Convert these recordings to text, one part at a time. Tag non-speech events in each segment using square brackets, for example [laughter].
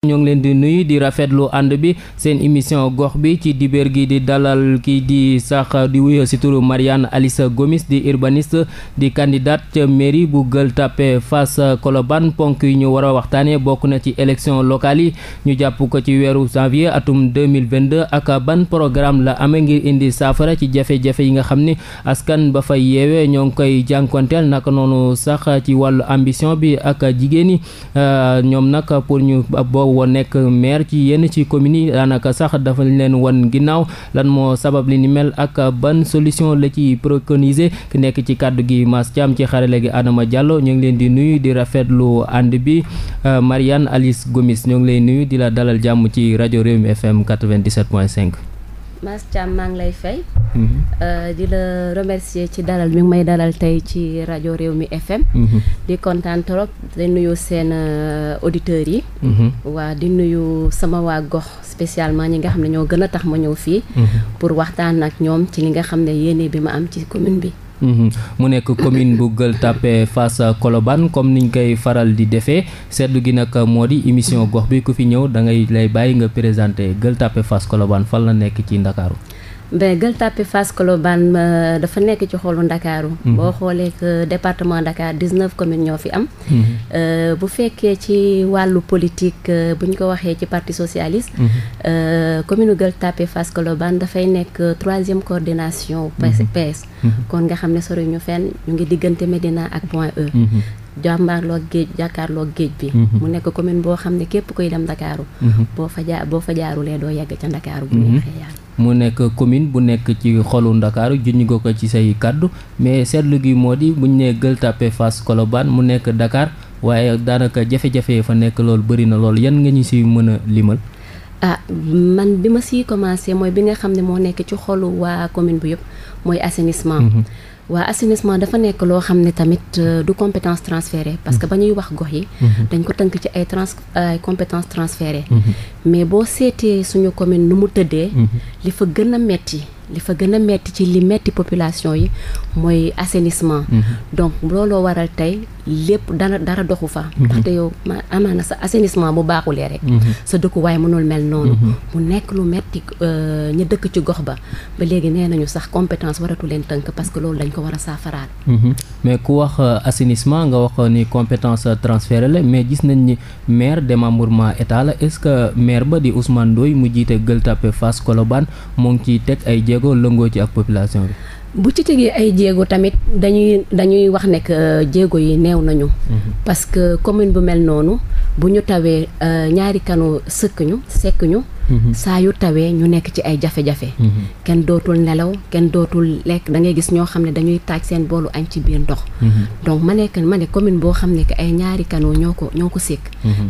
ñoo ngi leen di nuyu di rafetlu ànd bi seen émission gox bi ci dibéer gi di dalal kii di sax di wuyu si turu Mariane Alice Gomis di urbaniste di candidate ca mairie bu Gueule Tapée Fass Colobane ponk yi ñu war a waxtaanee bokk na ci élection locale yi ñu jàpp ko ci weeru janvier atum 2022 ak ban programme la amee ngir indi saafara ci jafe-jafe yi nga xam ni askan ba fay yeewee ñoo ngi koy jànkonteel naka noonu sax ci wàllu ambition bi ak jigéen ñi euh, ñoom nag pour woon nekk maire ci yenn ci communes yi daanaka sax dafa leen wan ginnaaw lan moo sabab li ni mel ak ban solution la ci préconiser ki nekk ci kàddu gi maas Thiam ci xarale gi Adama Diallo ñu ngi leen di nuyu di rafetlu ànd bi euh, Mariane Alice gomise ñoo ngi lay nuyu di la dalal jàmm ci rajo Rewmi FM 97.5. Mass Thiam maa ngi lay fay. Mhm. Euh, di la remercier ci dalal mi may dalal tey ci rajo réew mi FM. Mhm. di kontaan trop di nuyu seen euh, auditeurs yi. Mhm. waa di nuyu sama waa gox spécialement ñi nga xam ne ñoo gën a tax ma ñëw fii. pour waxtaan ak ñoom ci li nga xam ne yéene bi ma am ci commune bi. Mhm. mu nekk commune bu gël Gueule Tapée face Colobane comme niñ koy faral di defee sedd gi nag moo di émission gox bi ku fi ñëw da ngay lay bàyyi nga présenté gël Tapée face Colobane fan la nekk ci Ndakaaru ben Gueule Tapée Fass Colobane euh, dafa nekk ci xoolu ndakaaru mhm. boo xoolee que département Dakar dix-neuf communes ñoo fi am mhm. euh, bu fekkee ci wàllu politique euh, bu ñu ko waxee ci parti socialiste mhm. commune Gueule Tapée Fass Colobane dafay nekk troisième coordination PS kon nga xam ne sori ñu fenn ñu ngi diggante Médina ak Point E jàmbaarloog géej jàkkaarloog géej bi mu nekk commune boo xam ne képp koy dem ndakaaru boo fa jaar boo fa jaarulee doo yegg ca ndakaaru bu neexee yàlla mu nekk commune bu nekk ci xolu ndakaaru junj nga ko ci say kàddu mais seetlu gi moo di buñ nee gël Tapée Fass Colobane mu nekk Dakar waaye daanaka jafe-jafe fa nekk loolu bëri na lool yan nga ñu si mën a limal. ah man bi ma siy commencé mooy bi nga xam ne moo nekk ci xolu waa commune bi yëpp mooy assainissement. Mhm. waa assainissement dafa nekk loo xam ne tamit euh, du compétence transférée parce que mm-hmm. ba ñuy wax gox yi mm-hmm. dañ ko tënk ci ay trans ay compétence transférée mm-hmm. mais boo seetee suñu commune lu mu tëddee li fa gën a metti li fa gën a metti ci li metti population yi mooy assainissement. Mhm. donc looloo waral tey lépp dana dara doxu fa. Mhm. ndaxte yow ma amaana sa assainissement bu baaxulee rek. Mhm. sa dëkkuwaay mënul mel noonu. mu nekk lu metti euh, ñu dëkk ci gox ba ba léegi nee nañu sax compétence waratu leen tënk parce que loolu dañ ko war a saafaraal. mais ku wax euh, assainissement nga wax ni compétence euh, transférée la mais gis nañ ni maire démembrement état la est-ce que maire ba di Ousmane Ndoye mu jiite Gueule Tapée Fass Colobane moo jéego lëngoo ci ak population bi. bu ci tegee ay jéego tamit dañuy dañuy wax ne que euh, jéego yi neew nañu. Mhm. parce que commune bu mel noonu bu ñu tawee euh, ñaari kano sëkk ñu sekk ñu. Mhm. saa yu tawee ñu nekk ci ay jafe-jafe. Mhm. kenn dootul nelaw kenn dootul lekk da ngay gis ñoo xam ne dañuy taaj seen boolu añ ci biir ndox. donc ma nekk ma ne commune boo xam ne que ay ñaari canaux ñoo ko ñoo ko sekk.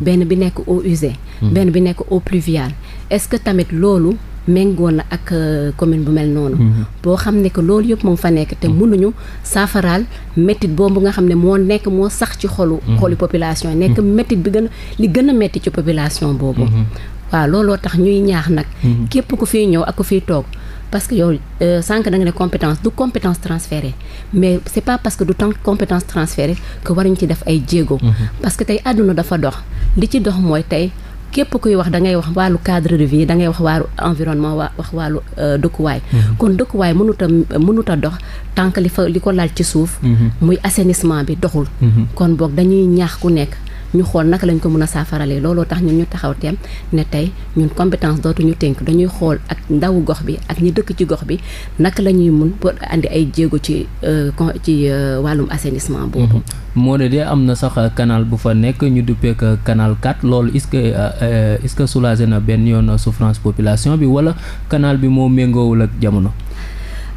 benn bi nekk eau use benn bi nekk eau pluviale est-ce tamit loolu. méngoo na ak euh, commune bu mel noonu. Mm-hmm. boo xam ne que loolu yëpp moo fa nekk te mënuñu mm-hmm. saafaraal méttit boobu nga xam ne moo nekk moo sax ci xolu. Mm-hmm. xolu population nekk méttit bi gën a li gën a métti ci population boobu. waaw looloo tax ñuy ñaax nag. képp ku fi ñëw ak ku fiy toog. parce que yow euh, sànq da nga ne compétence du compétence transférée mais c'est pas parce que du tant compétence transférée que waruñ ci def ay jéego. parce que tey àdduna dafa dox li ci dox mooy tey. képp kuy wax da ngay wax wàllu cadre de vie da ngay wax wàllu environnement waa wax wàllu euh, dëkkuwaay. Mhm. kon dëkkuwaay mënut a mënut a dox tànk li fa li ko laal ci suuf. Mhm. muy assainissement bi doxul. Mhm. kon boog dañuy ñaax ku nekk. ñu xool naka lañ ko mën a saafaralee looloo tax ñu ñu taxaw teem ne tey ñun compétence dootuñu ténk dañuy xool ak ndawu gox bi ak ñu dëkk ci gox bi naka lañuy mun pour ay jéego ci euh, ci euh, wàllum assainissement boobu. Mhm. moo ne de am na sax kanaal bu fa nekk ñu duppeek kanaal 4 loolu est-ce que euh, est-ce que soulagé na benn yoon souffrance population bi wala canal bi moo méngoowul ak jamono.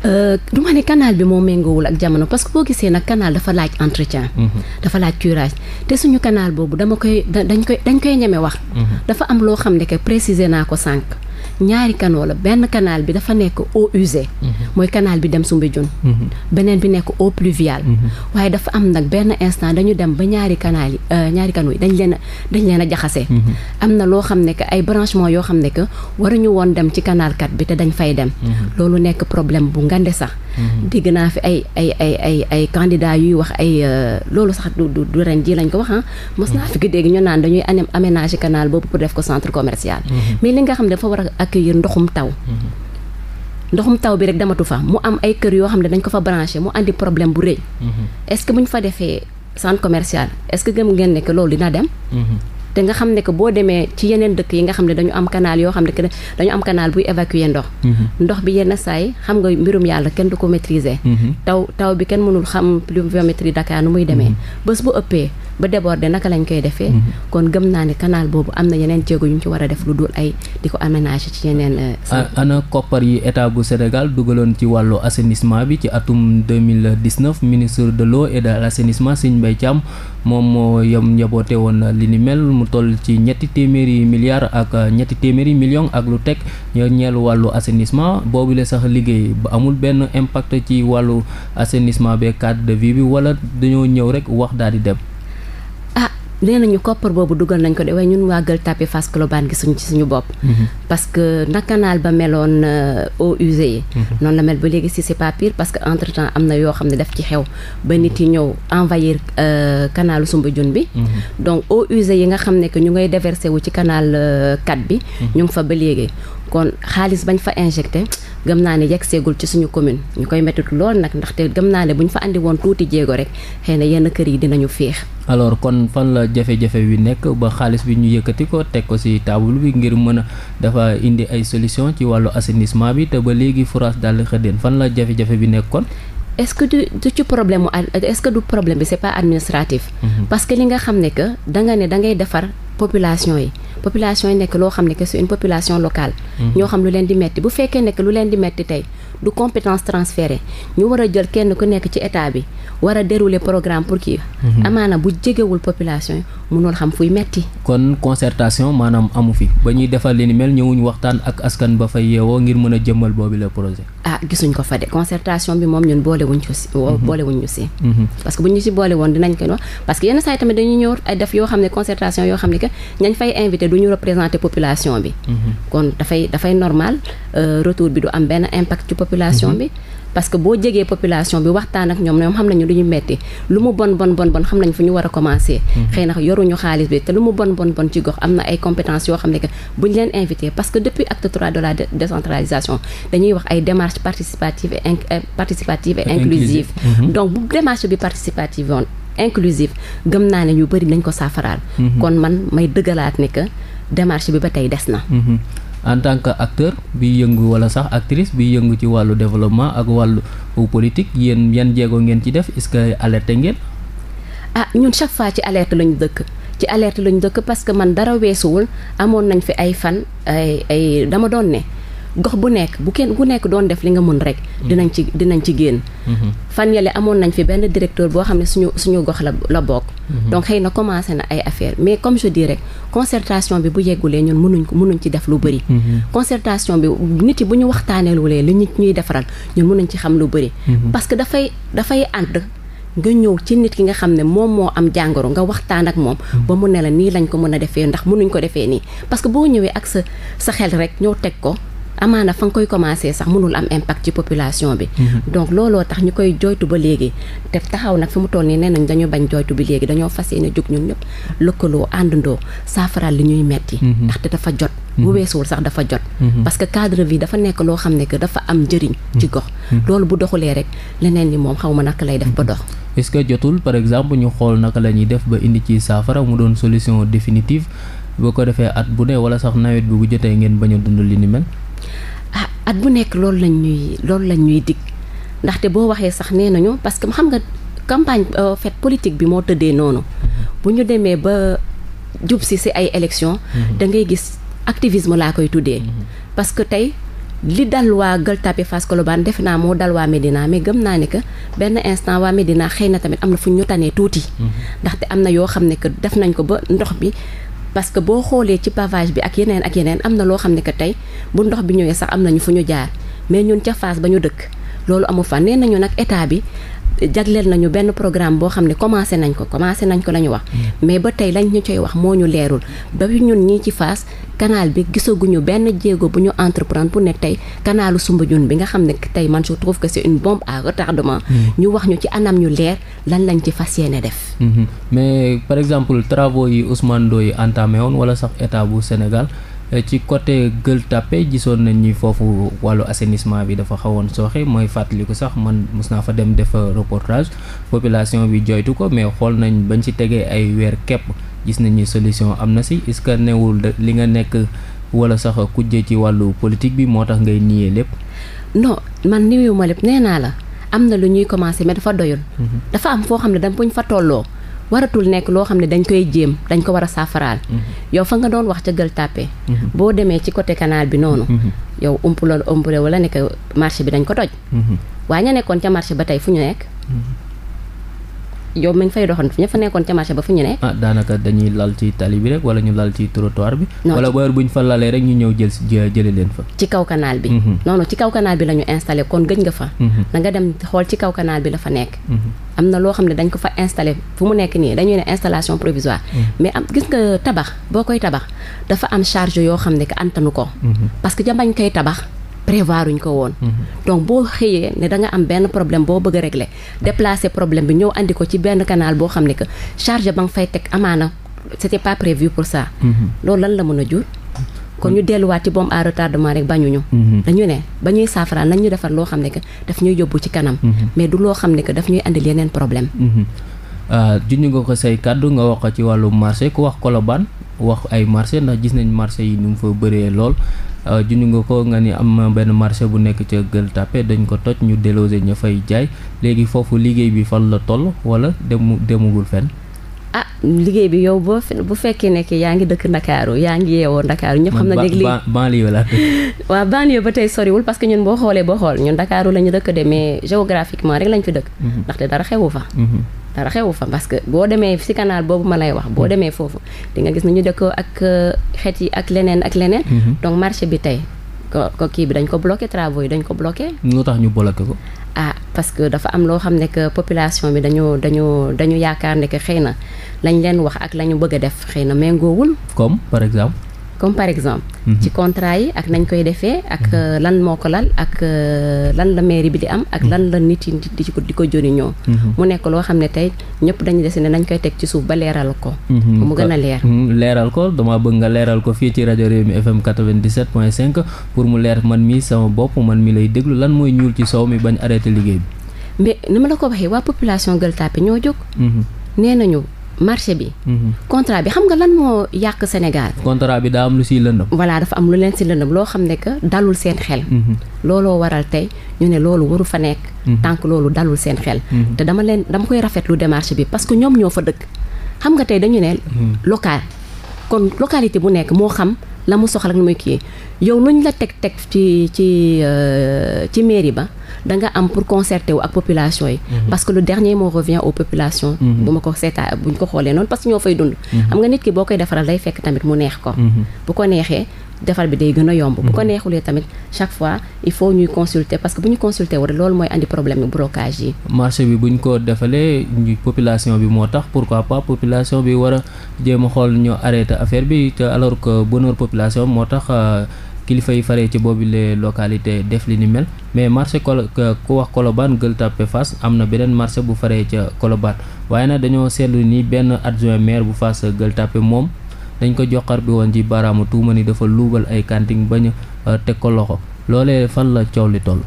Euh, du ma ne kanaal bi moo méngoowul ak jamono parce que boo gisee nag kanaal dafa laaj entretien. Mhm. dafa laaj curage te suñu kanaal boobu dama koy dañ koy dañ koy ñeme wax. Mhm. dafa am loo xam ne que préciser naa ko sànq. ñaari canaux la benn canal bi dafa nekk eau usée mhm. mooy kanaal bi dem Soumbédioune mhm. beneen bi nekk eau pluviale mhm. waaye dafa am nag benn instant dañu dem ba ñaari canal yi euh, ñaari canaux yi dañ leen dañ leen a jaxase am na loo xam ne que ay branchement yoo xam ne que waruñu woon dem ci canal bi te dañ fay dem loolu nekk problème bu ngande sax dégg naa fi ay ay ay ay ay candidats yuy wax ay euh, loolu sax du du ren ji lañ ko wax ah mos naa fi ñu naan dañuy aménager canal boobu pour def ko centre commercial mais li nga xam ne dafa war ak accueillir ndoxum taw mhm. ndoxum taw bi rek dematu fa mu am ay kër yoo xam ne dañ ko fa branché mu andi problème bu rëy mhm. est-ce ñu fa defee centre commercial est-ce que gëm ngeen ne que loolu dina dem mhm. te nga xam ne que boo demee ci yeneen dëkk yi nga xam ne dañu am canal yoo xam ne que dañu am canal buy évacuer ndox ndox bi yenn saay xam nga mbirum yàlla kenn du ko maîtriser taw taw bi kenn mënul xam pluviométrie Dakar nu muy demee bés bu ëppee ba déborder naka lañ koy defee. Mhm. kon gëm naa ni kanaal boobu am na yeneen jéego yu ñu ci war a def lu dul ay di ko aménager ci yeneen. Euh, ana koppar yi état bu Sénégal dugaloon ci wàllu assainissement bi ci atum 2019 ministre de l'eau et de l'assainissement Serigne Mbaye Thiam moom moo yem njaboote woon li ni mel mu toll ci ñetti téeméeri milliards ak euh, ñetti téeméeri millions ak lu teg ñoo wàllu assainissement boobu la sax liggéey ba amul benn impact ci wàllu assainissement bi cadre de bi wala dañoo ñëw rek wax daal di dem. nee nañu koppar boobu dugal nañ ko de waaye ñun waa Gueule Tapée Fass Colobane gisuñu ci suñu bopp. Mhm. parce que na canal ba meloon euh, eaux usées yi. Mhm. noonu la mel ba léegi si c'est pas pire parce que entre temps am na yoo xam ne daf ci xew ba nit yi ñëw envahir euh, canalu Soumbédioune bi. Mhm. donc eaux usées yi nga xam ne que ñu ngay déversé wu ci canal 4 euh, bi. ñu ngi fa ba léegi. kon xaalis bañ fa injecté gëm naa ne yegg seegul ci suñu commune ñu koy mettit lool nag ndaxte gëm naa ne bu fa andi woon tuuti jéego rek xëy na yenn kër yi dinañu féex. alors kon fan la jafe-jafe wi nekk ba xaalis bi ñu yëkkati teg ko ci table bi ngir mën a dafa indi ay solution ci wàllu assainissement bi te ba léegi forage daal di xëddeen fan la jafe-jafe bi nekk kon. est que du du ci problème est-ce que du problème bi c'est pas administratif. Mm parce que li nga xam ne que danga ne dangay defar population yi. population yi nekk loo xam ne que c'est une population locale mhm. ñoo xam lu leen di metti bu fekkee nekk lu leen di metti tey du compétence transférée ñu war a jël kenn ku nekk ci état bi war a dérouler programme pour kii. Mhm. amaana bu jegewul population yi munul xam fuy metti kon concertation maanaam amu fi ba ñuy defar li ni mel ñëwuñu waxtaan ak askan ba fay yeewoo ngir mën a jëmmal boobu le projet. ah gisuñ ko fa de concertation bi moom ñun boolewuñ ko si. Mhm. boolewuñ ñu si. Mhm. parce que bu ñu si boole woon dinañ ko wax parce que yenn saa yi tamit dañuy ñëw ay def yoo xam ne concertation yoo xam ne que ñañ fay invité du ñu représenter population bi. kon dafay dafay normal euh, retour bi du am benn impact ci population bi. parce que boo jegee population bi waxtaan ak ñoom ñoom xam nañu lu ñu metti lu mu bon bon bon bon xam nañ fu ñu war a commencer. Mhm. xëy na yoruñu xaalis bi te lu mu bon bon bon ci gox am na ay compétences yoo xam ne que bu ñu leen invité parce que depuis acte trois de la décentralisation dañuy wax ay démarches participatives et euh, participatives et inclusives. Mhm. donc bu démarche bi participative woon inclusive gëm naa ne ñu bëri nañ ko saafaraal. Mhm. kon man may dëggalaat ne que démarche bi ba tey des na. en tant que acteur bi yëngu wala sax actrice bi yëngu ci wàllu développement ak wàllu politique yéen yan jéego ngeen ci def est-ce que ngeen. ah ñun chaque fois ci alerte lañu dëkk. ci alerte lañu dëkk parce que man dara weesuwul amoon nañ fi ay fan ay ay dama doon ne. gox bu nekk bu kenn ku nekk doon def li nga mën rek. Mhm. dinañ ci dinañ ci génn. Mhm. fan yale amoon nañ fi benn directeur boo xam ne suñu suñu gox la la bokk. Mhm. donc xëy na commencé na ay affaire mais comme je dis rek consertation bi bu yeggulee ñun mënuñ ko mënuñ ci def lu bëri. concertation bi nit yi bu ñu waxtaaneelulee li nit ñuy defaral ñun mënuñ ci xam lu bëri. parce que dafay dafay ànd. nga ñëw ci nit ki nga xam ne moom moo am jàngoro nga waxtaan ak moom. ba mu ne la nii lañ ko mën a defee ndax mënuñ ko defee nii. parce que boo ñëwee ak sa sa xel rek ñëw teg ko. amaana fa nga koy commencé sax mënul am impact ci population bi. Mhm. donc looloo tax ñu koy jooytu ba léegi te taxaw nag fi mu toll nii nee nañ dañu bañ jooytu bi léegi dañoo fas yéene jóg ñun ñëpp lëkkaloo àndandoo saafaraal li ñuy metti mhm. ndaxte dafa jot. Mhm. bu weesuwul sax dafa jot. parce que cadre vie dafa loo xam ne que dafa am njëriñ. ci gox loolu bu doxulee rek leneen ni moom xaw ma naka lay def ba dox. est-ce jotul par exemple ñu xool naka la ñuy def ba indi ci saafara mu doon solution définitive boo ko defee at bu ne wala sax nawet bi bu jotee ngeen bañ a dund li ni mel. ah at bu nekk loolu lañ ñuy loolu lañ ñuy dig ndaxte boo waxee sax nee nañu parce que xam nga campagne en euh, fait politique bi moo tëddee noonu mm-hmm. bu ñu demee ba jub si si ay élection mm-hmm. da ngay gis activisme laa koy tuddee mm-hmm. parce que tey li dal waa Gueule Tapée Fass Colobane defe naa moo dal waa Médina mais gëm naa ne que benn instant waa Médina xëy na tamit am na fu ñu tanee tuuti. ndaxte am na yoo xam ne que def nañ ko ba ndox bi parce que boo xoolee ci pavage bi ak yeneen ak yeneen am na loo xam ne que tey bu ndox bi ñëwee sax am nañu fu ñu jaar mais ñun ca Fass ba ñu dëkk loolu amu fa nee nañu nag état bi jagleel nañu benn programme boo xam ne commencé nañ ko commencé nañ ko la ñu wax mm. mais ba tey lañ ñu coy wax moo ñu leerul ba ñun ñii ci fas kanaal bi gisaguñu benn jéego bu ñu entreprendre bu ne tey canalu Soumbédioune bi nga xam ne tey man je trouve que si une bombe à retardement mm. ñu wax ñu ci anam ñu leer lan lañ ci fas yéene def mm-hmm. mais par exemple travaux yi Ousmane Ndoye entamé woon wala sax état bu Sénégal ci côté Gueule Tapée gisoon nañ ni foofu wàllu assainissement bi dafa xawoon sooxe mooy fàttali ko sax man mos naa fa dem def reportage population bi jooytu ko mais xool nañ bañ ci tegee ay weer kepp gis nañ ni solution am na si est-ce que newul li nga nekk wala sax kujje ci wàllu politique bi moo tax ngay niiyee lépp. non man niiwuma lépp nee naa la am na lu ñuy commencer mais dafa doyul. Mhm. dafa am foo xam ne dama buñ fa tolloo. waratul nekk loo xam ne dañ koy jéem dañ ko war a saafaraal mm-hmm. yow fa nga doon wax ca gël tàppe mm-hmm. boo demee ci côté canal bi noonu mm-hmm. yow ump la umpule wala ne que marché bi dañ ko doj waa ña nekkoon ca marché ba tey fu ñu nekk yow mi ngi fay doxantu ña fa nekkoon ca marché ba fu ñu ne. Ah, daanaka dañuy lal ci tali bi rek wala ñu lal ci trottoir bi. wala booy bu ñu fa lalee rek ñu ñëw jël si jëlee leen fa. ci kaw canal bi. Mhm. non non ci kaw canal bi la ñu installé kon gëj nga fa. Mhm. na dem xool ci kaw canal bi la fa nekk. Mhm. am na loo xam ne dañ ko fa installé fu mu nekk nii dañuy ne installation provisoire. mais am gis nga tabax boo koy tabax dafa am charge yoo xam ne que antanu ko. parce que ja bañ koy tabax. prévoiruñ ko woon. Mhm. donc boo xëyee ne danga am benn problème boo bëgg a régler déplacer problème bi ñëw andi ko ci benn kanaal boo xam ne que charge ba nga fay teg amaana c'était pas prévu pour ça. Mhm. loolu lan la mën a jur. kon ñu delluwaat ci bombe à retardement rek bañuñu. Mhm. dañu ne ba ñuy saafara nañ ñu defar loo xam ne que daf ñuy yóbbu ci kanam. mais du loo xam ne que daf ñuy andil yeneen problème. Euh, junj nga ko say kàddu nga wax ko ci wàllu marché ku wax Colobane wax ay marché ndax gis nañ marché yi nu mu fa bëree lool euh, juñu nga ko nga ni am benn marché bu nekk ca Gueule Tapée dañ ko toj ñu délogé ñu fay jaay léegi foofu liggéey bi fan la toll wala demu demugul fenn ah liggéey bi yow boo bu fekkee nekk yaa ngi dëkk ndakaaru yaa ngi yeewoo ndakaaru ñëpp xam na léegi li banlieue la [laughs] waaw banlieue ba tey soriwul parce que ñun boo xoolee boo xool ñu ndakaaru lañu ñu dëkk de mais géographiquement rek lañ fi dëkk mhm. ndaxte dara dara xewu fa parce que boo demee sikanaal boobu ma lay wax boo hmm. demee foofu di nga gis ni ñu dëkkoo ak euh, xeet yi ak leneen ak leneen. Hmm. donc marché bi tey ko kii bi dañ ko bloqué travaux yi dañ ko bloqué. lu tax ñu bloqué ko. ah parce que dafa am loo xam ne que population bi dañu dañu dañu yaakaar ne que xëy na lañ leen wax ak la ñu bëgg a def xëy na méngoowul. comme par exemple. comme par exemple. Mhm. ci contrat yi ak nañ koy defee ak mhm. euh, lan moo ko lan ak euh, lan la mairie bi di am ak mhm. lan la nit yi di ko di ko mu nekk loo xam ne tey ñëpp dañu dese ne nañ koy teg ci suuf ba leeral ko. mu gën a leer. Ah, leeral ko dama bëgg nga leeral ko fii ci rajo réew Rewmi FM 97.5 pour mu leer man mi sama bopp man mi lay déglu lan mooy ñuul ci soow mi bañ arrêté liggéey bi. mais ni ma la ko waxee waa population Gueule Tapée ñoo jóg. nee nañu marché bi. Mhm. contrat bi xam nga lan moo yàq Sénégal. contrat bi daa am lu si lëndëm. voilà dafa am lu leen si lëndëm loo xam ne que dalul seen xel. Mhm. looloo waral tey ñu ne loolu waru fa nekk. Mhm. tànk loolu dalul seen xel. te dama leen dama koy rafetlu démarche bi parce que ñoom ñoo fa dëkk. xam nga tey dañu ne. local kon localité bu nekk moo xam la mu soxla ak lu muy kii yow luñ la teg teg ci ci euh, ci mairie ba. da nga am pour concerter wu ak population yi. Mhm. parce que lu dernier moo revient aux populations. Mhm. bu ma ko seetaa bu ñu ko xoolee noonu parce que ñoo fay dund. Mhm. xam nga nit ki boo koy defaral day fekk tamit mu neex ko. bu ko neexee defar bi day gën a yomb. bu ko neexulee tamit chaque fois il faut ñuy consulter parce que bu ñu consulter war loolu mooy andi problème yu blocage yi. marché bi bu ñu ko defalee ñu population bi moo tax pourquoi pas population bi war a jéem a xool ñu arrêté affaire bi alors que population moo tax. Euh, kilifa yi faree ci boobu les localités def li ni mel mais marché kolo euh, ku wax Colobane gël Tapée Fass am na beneen marché bu faree ca Colobane waaye nag dañoo seetlu ni benn adjoint maire bu fas gël Tapée moom dañ ko joxar bi woon ji baaraamu tuuma ni dafa luubal ay kanting bañ a euh, teg ko loxo loolee fan la coow li toll.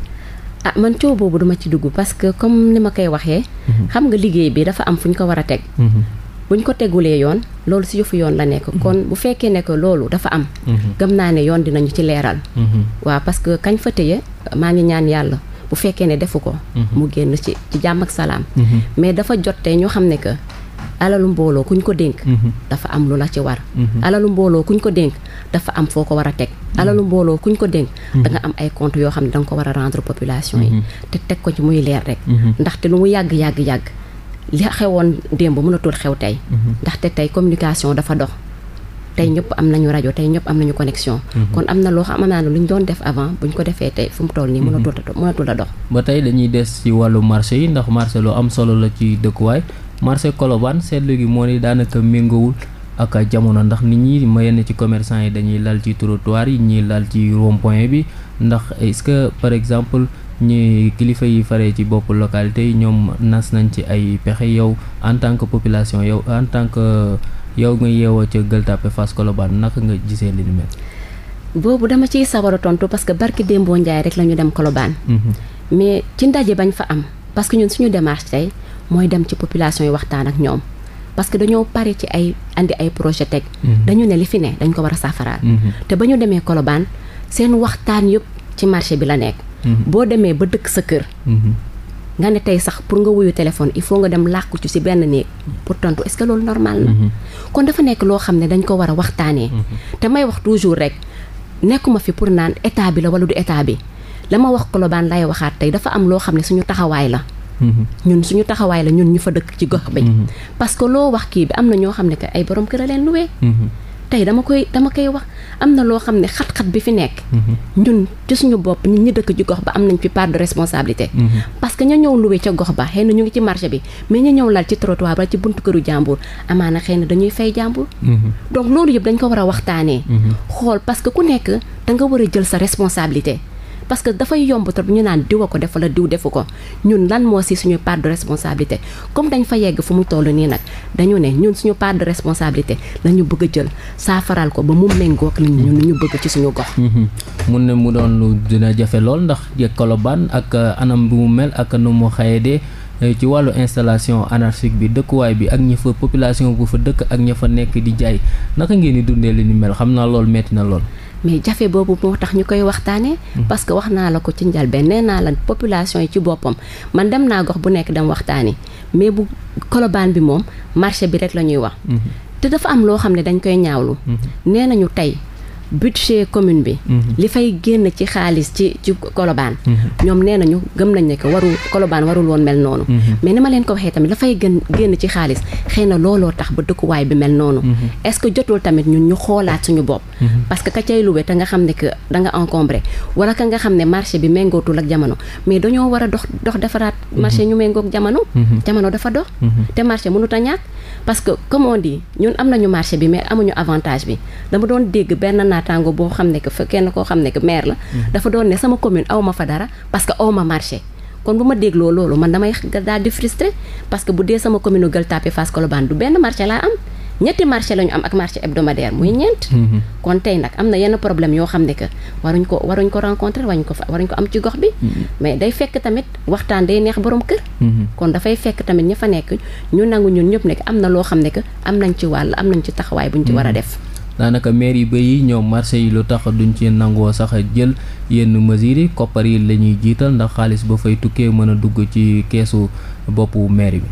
ah man coow boobu duma ci dugg parce que comme ni ma koy waxee. Mhm. xam nga liggéey bi dafa am fu ñu ko war a teg. Mhm. bu ñu ko tegulee yoon loolu si yëfu yoon la nekk. Mhm. kon bu fekkee ne que loolu dafa am. Mhm. gëm naa ne yoon dinañu ci leeral. Mhm. waaw parce que kañ fa tëye maa ngi ñaan yàlla bu fekkee ne defu ko. mu génn ci ci jàmm ak salaam. mais dafa jot tey ñoo xam ne que alalu mbooloo kuñ ko dénk. dafa am lu la ci war. alalu mbooloo kuñ ko dénk dafa am foo ko war a teg. alalu mbooloo kuñ ko dénk. danga am ay compte yoo xam ne da nga ko war a rendre population yi. te teg ko ci muy leer rek. ndaxte lu mu yàgg yàgg yàgg. li xewoon démb mënatul xew tey. Mhm. ndaxte tey communication dafa dox. tey ñëpp am nañu rajo tey ñëpp am nañu connexion. Mhm. kon am na loo xam am naa ne lu ñu doon def avant bu ñu ko defee tey fu mu toll nii. mënatul mhm. a mënatul a dox. ba tey dañuy des ci wàllu marché yi ndax marché lu am solo la ci dëkkuwaay marché Colobane seetlu gi moo ni daanaka méngowul ak jamono ndax nit ñi ma yenn ci commercant yi dañuy lal ci trottoir yi ñiy lal ci rond point bi. ndax est que par exemple ñi kilifa yi faree ci bopp localité yi ñoom nas nañ ci ay pexe yow en tant que population yow en tant que yow nga yeewoo ca Gueule Tapée Fass Colobane naka nga gisee li ni mel. boobu dama ciy sawara tontu parce que barki démboo Ndiaye rek la ñu dem Colobane. Mhm. mais ci ndaje bañ fa am parce que ñun suñu démarche tey mooy dem ci population yi waxtaan ak ñoom. parce que dañoo pare ci ay indi ay projet teg. Mhm. dañu ne li fi ne dañ ko war a saafaraal. Mhm. te ba ñu demee Colobane seen waxtaan yëpp ci marché bi la nekk. Mhm. boo demee ba dëkk sa kër. Mhm. nga ne tey sax pour nga wuyu téléphone il faut nga dem làkku ci si benn néeg pour tontu est-ce que loolu normal na. Mhm. kon dafa nekk loo xam ne dañ ko war a waxtaanee. te may wax toujours rek nekkuma fi pour naan état bi la wala du état bi la ma wax kolobaan lay waxaat tey dafa am loo xam ne suñu taxawaay la. ñun suñu taxawaay la ñun ñu fa dëkk ci gox bi. parce que loo wax kii bi am na ñoo xam ne que ay borom kër a leen luwee. tey dama koy dama koy wax am na loo xam ne xat-xat bi fi nekk. Mhm. ñun ci suñu bopp ñun ñu dëkk ci gox ba am nañ fi part de responsabilité. Mhm. parce que ña ñëw luwe ca gox ba xëy na ñu ngi ci marché bi mais ña ñëw lal ci trottoir ba ci buntu këru jàmbur amaana xëy na dañuy fay jàmbur. Mhm. donc loolu yëpp dañ ko war a waxtaanee. xool parce que ku nekk da nga war a jël sa responsabilité. parce que dafay yomb trop ñu naan diw a ko def wala diw defu ko ñun lan moo si suñu part de responsabilité comme dañ fa yegg fu mu toll nii nag dañu ne ñun suñu part de responsabilité la bëgg a jël saafaral ko ba mu méngoog li ñu bëgg ci suñu gox. Mm-hmm. mun na mu doon lu dina jafe lool ndax Colobane ak anam bu mu mel ak nu mu xayee dee Eh, ci wàllu installation anarchique bi dëkkuwaay bi ak ña fa population bu fa dëkk ak ña fa nekk di jaay naka ngeen di dundee li ni mel xam naa loolu metti na lool. mais jafe boobu moo tax ñu koy waxtaane mm-hmm. parce que wax naa la ko ci njalbee nee naa la population yi ci boppam man dem naa gox bu nekk dem waxtaani mais bu kolobaan bi moom marché bi rek la ñuy wax. Mm-hmm. te dafa am loo xam ne dañ koy ñaawlu. Mm-hmm. nee nañu tey budget commune bi. Mhm. li fay génn ci xaalis ci ci Colobane. Mhm. ñoom nee nañu gëm nañ ne que waru Colobane warul woon mel noonu. Mhm. mais ni ma leen ko waxee tamit la fay gën génn ci xaalis xëy na looloo tax ba dëkkuwaay bi mel noonu. est-ce que jotul tamit ñun ñu xoolaat suñu bopp. parce que ka cay luwe te nga xam ne que da nga encombré wala ka nga xam ne marché bi méngootul ak jamono mais dañoo war a dox dox defaraat marché ñu méngoog jamono. jamono dafa dox. te marché mënut a ñàkk que comme on dit am nañu marché bi mais amuñu avantage bi naataango boo xam ne que fa kenn koo xam ne que maire la. Mhm. dafa doon ne sama commune aw fa dara parce que aw ma marché. kon bu ma dégloo loolu man damay daal di frustré parce que bu dee sama commune Gueule Tapée Fass Colobane du benn marché laa am ñetti marché la ñu am ak marché hebdomadaire muy ñeent. Mhm. kon tey nag am na yenn problème yoo xam ne que waruñ ko waruñ ko rencontrer waruñ ko waruñ ko am ci gox bi. Mhm. mais day fekk tamit waxtaan day neex borom kër. kon dafay fekk tamit ñu fa nekk ñu nangu ñun ñëpp nekk am na loo xam ne que am nañ ci wàll am nañ ci taxawaay buñ ci war a def. daanaka maire yu bëri ñoo marché yi lu tax duñ ci nangoo sax jël yenn mesures yi koppar yi la ñuy jiital ndax xaalis ba fay tukkee mën a dugg ci keesu boppu maire bi.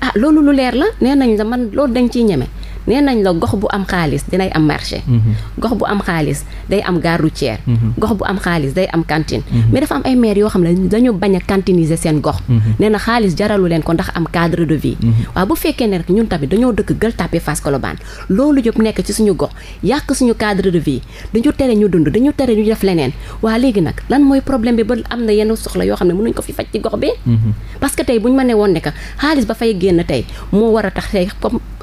ah loolu lu leer la nee nañ la man loo dañ ciy ñeme. nee nañ la gox bu am xaalis dinay am marché. Mhm. gox bu am xaalis day am gare routière. Mhm. gox bu am xaalis day am cantine. Mhm. mais dafa am ay maire yoo xam ne dañu bañ a cantiniser seen gox. nee na xaalis jaralu leen ko ndax am cadre de vie. waaw bu fekkee ne rek ñun tamit dañoo dëkk Gueule Tapée Fass Colobane loolu yëpp nekk ci suñu gox yàq suñu cadre de vie dañu tere ñu dund dañu tere ñu def leneen waa léegi nag lan mooy problème bi ba am na yenn soxla yoo xam ne mënuñ ko fi faj gox bi. parce que tey bu ñu ma ne woon ne que xaalis ba fay génn tey moo war a tax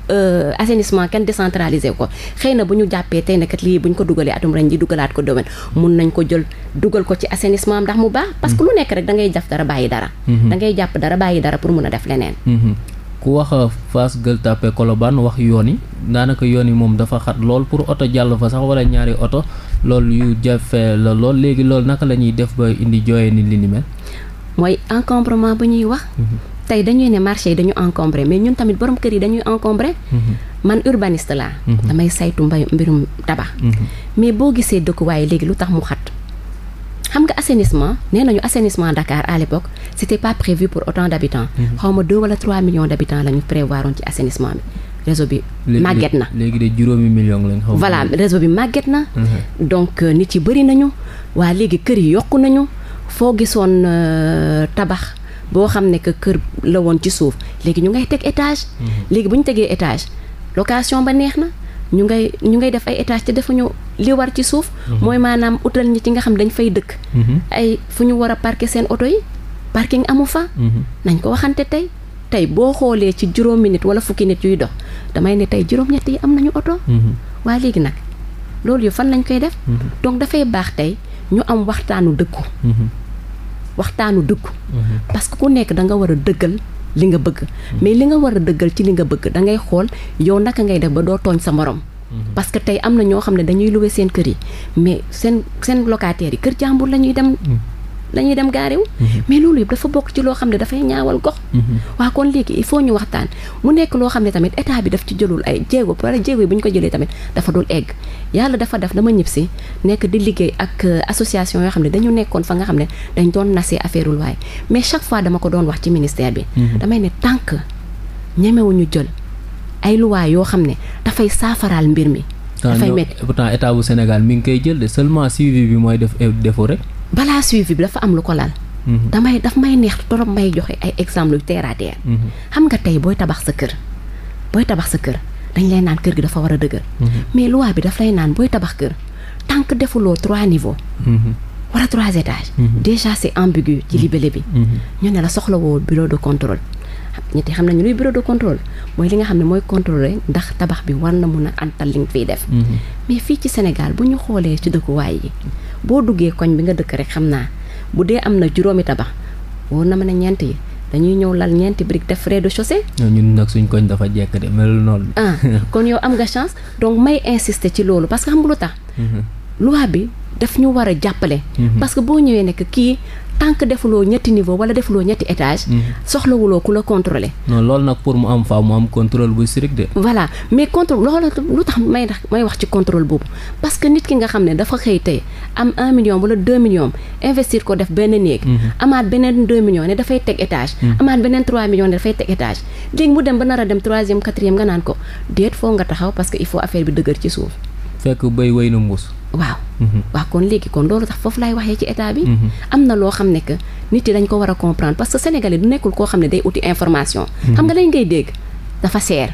Euh, assainissement kenn décentralisé ko xëy na bu ñu jàppee tey nakat lii bu ñu ko dugalee atum ren ji dugalaat ko domaine mun nañ ko jël dugal ko ci assainissement am ndax mu baax parce que lu nekk rek da ngay jaf dara bàyyi dara mhm. da ngay jàpp dara bàyyi dara pour mun a def leneen mhm. ku wax euh, Fass Gueule Tapée Colobane wax yoon yi daanaka yoon yi moom dafa xat lool pour oto jàll fa sax a ñaari oto loolu yu jafe la lool léegi loolu naka la ñuy def ba indi jooye ni li ni mel mooy encombrement bu tey dañuy ne marché yi dañu encombré mais ñun tamit borom kër yi dañuy encombré. Mhm. man urbaniste laa. Mhm. damay saytu mbayu mbirum tabax. Mhm. mais boo gisee dëkkuwaay léegi lu tax mu xat. xam nga assainissement nee nañu assainissement Dakar à l'époque c'était pas prévu pour autant d'habitants. xaw ma deux wala trois millions d'habitants la ñu prévoiroon ci assainissement bi. réseau bi màgget na léegi de juróomi million lañ xaw voilà réseau bi màgget na. donc euh, nit yi bëri nañu. waa léegi kër yi yokk nañu. foo gisoon euh, tabax. boo xam ne que kër la woon ci suuf léegi ñu ngay teg étage mhm. léegi bu ñu tegee étage location ba neex na ñu ngay ñu ngay def ay étage te defuñu li war ci suuf mhm. mooy maanaam utal ñi ci nga xam dañ fay dëkk mhm. ay fu ñu war a parquer seen oto yi parking amu fa nañ ko waxante tey tey boo xoolee ci juróomi nit wala fukki nit yuy dox damay ne tey juróom-ñett yi am nañu oto waa léegi nag loolu yu fan lañ koy def donc dafay baax tey ñu am waxtaanu dëkku waxtaanu dëggu mhm. parce que ku nekk da nga war a dëggal li nga bëgg mhm. mais li nga war a dëggal ci li nga bëgg da ngay xool yow naka ngay def ba doo tooñ sa morom mhm. parce que tey am na ñoo xam ne dañuy luwe seen kër yi mais seen seen locataires yi kër jàmbur la ñuy dem la dem gaare wu. Mhm. mais loolu yëpp dafa bokk ci loo xam ne dafay ñaawal gox. Mhm. waa kon léegi il faut ñu waxtaan mu nekk loo xam ne tamit état bi daf ci jëlul ay jéego wala jéego yi ñu ko jëlee tamit dafa dul egg yàlla dafa def dama ñëpp si nekk di liggéey ak euh, association yoo xam ne dañu nekkoon fa nga xam ne dañ doon nasee affaire ul waaye mais chaque fois dama ko doon wax ci ministère bi. Mhm. damay ne tant que ñemewuñu jël ay luwaay yoo xam ne dafay saafaraal mbir mi. Ah, dafay métti pourtant état bu Sénégal mi ngi koy jël de bi mooy def défaut rek balaa suivi bi dafa am lu ko lal. Mhm. damay daf may neex torop may joxe ay exemple yu terre mhm. xam nga tey booy tabax sa kër booy tabax sa kër dañ lay naan kër gi dafa war a dëgër. Mhm. mais lu loi bi daf lay naan booy tabax kër tant que defuloo trois niveaux. wala trois étages. déjà c'est ambigu ci libellé bi. ñu ne la soxla woo bureau de contrôle. ñetti xam ñu luy bureau de contrôle mooy li nga xam ne mooy contrôler ndax tabax bi war na mun a antal li nga fiy def. mais fii ci Sénégal bu ñu xoolee ci dëkkuwaay yi. boo duggee koñ bi nga dëkk rek xam naa bu dee am na juróomi tabax woo na ma ne ñeent yi dañuy ñëw lal ñeenti brique def rez de ñu ñun nag suñ koñ dafa jekk de melul noonu. ah kon yow am nga chance donc may insister ci loolu parce que xam nga lu tax. Mhm. loi bi daf ñu war a jàppale. Mhm. parce boo ñëwee nekk kii tant que defuloo ñetti niveau wala defuloo ñetti étage mhm. soxlawuloo ku la contrôler non loolu nag pour mu am faa mu am contrôle bu strict de voilà mais contrôle loolu lu tax may may wax ci contrôle boobu parce que nit ki nga xam ne dafa xëy tey am un million wala deux millions investir ko def benn néeg mhm. amaat beneen deux millions ne dafay teg étage mhm. amaat beneen trois millions ne dafay teg étage léegi mu dem ba nar a dem troisième quatrième nga naan ko déet foo taxaw parce que il faut bi dëgër ci suuf fekk béy wéy na mbuus waaw mhm. waaw kon léegi kon loolu tax foofu laay waxee ci état bi mhm. am na loo xam ne que nit yi dañ ko war a comprendre parce que sénégalais du nekkul koo xam ne day uti information mhm. xam nga lañ ngay dégg dafa seer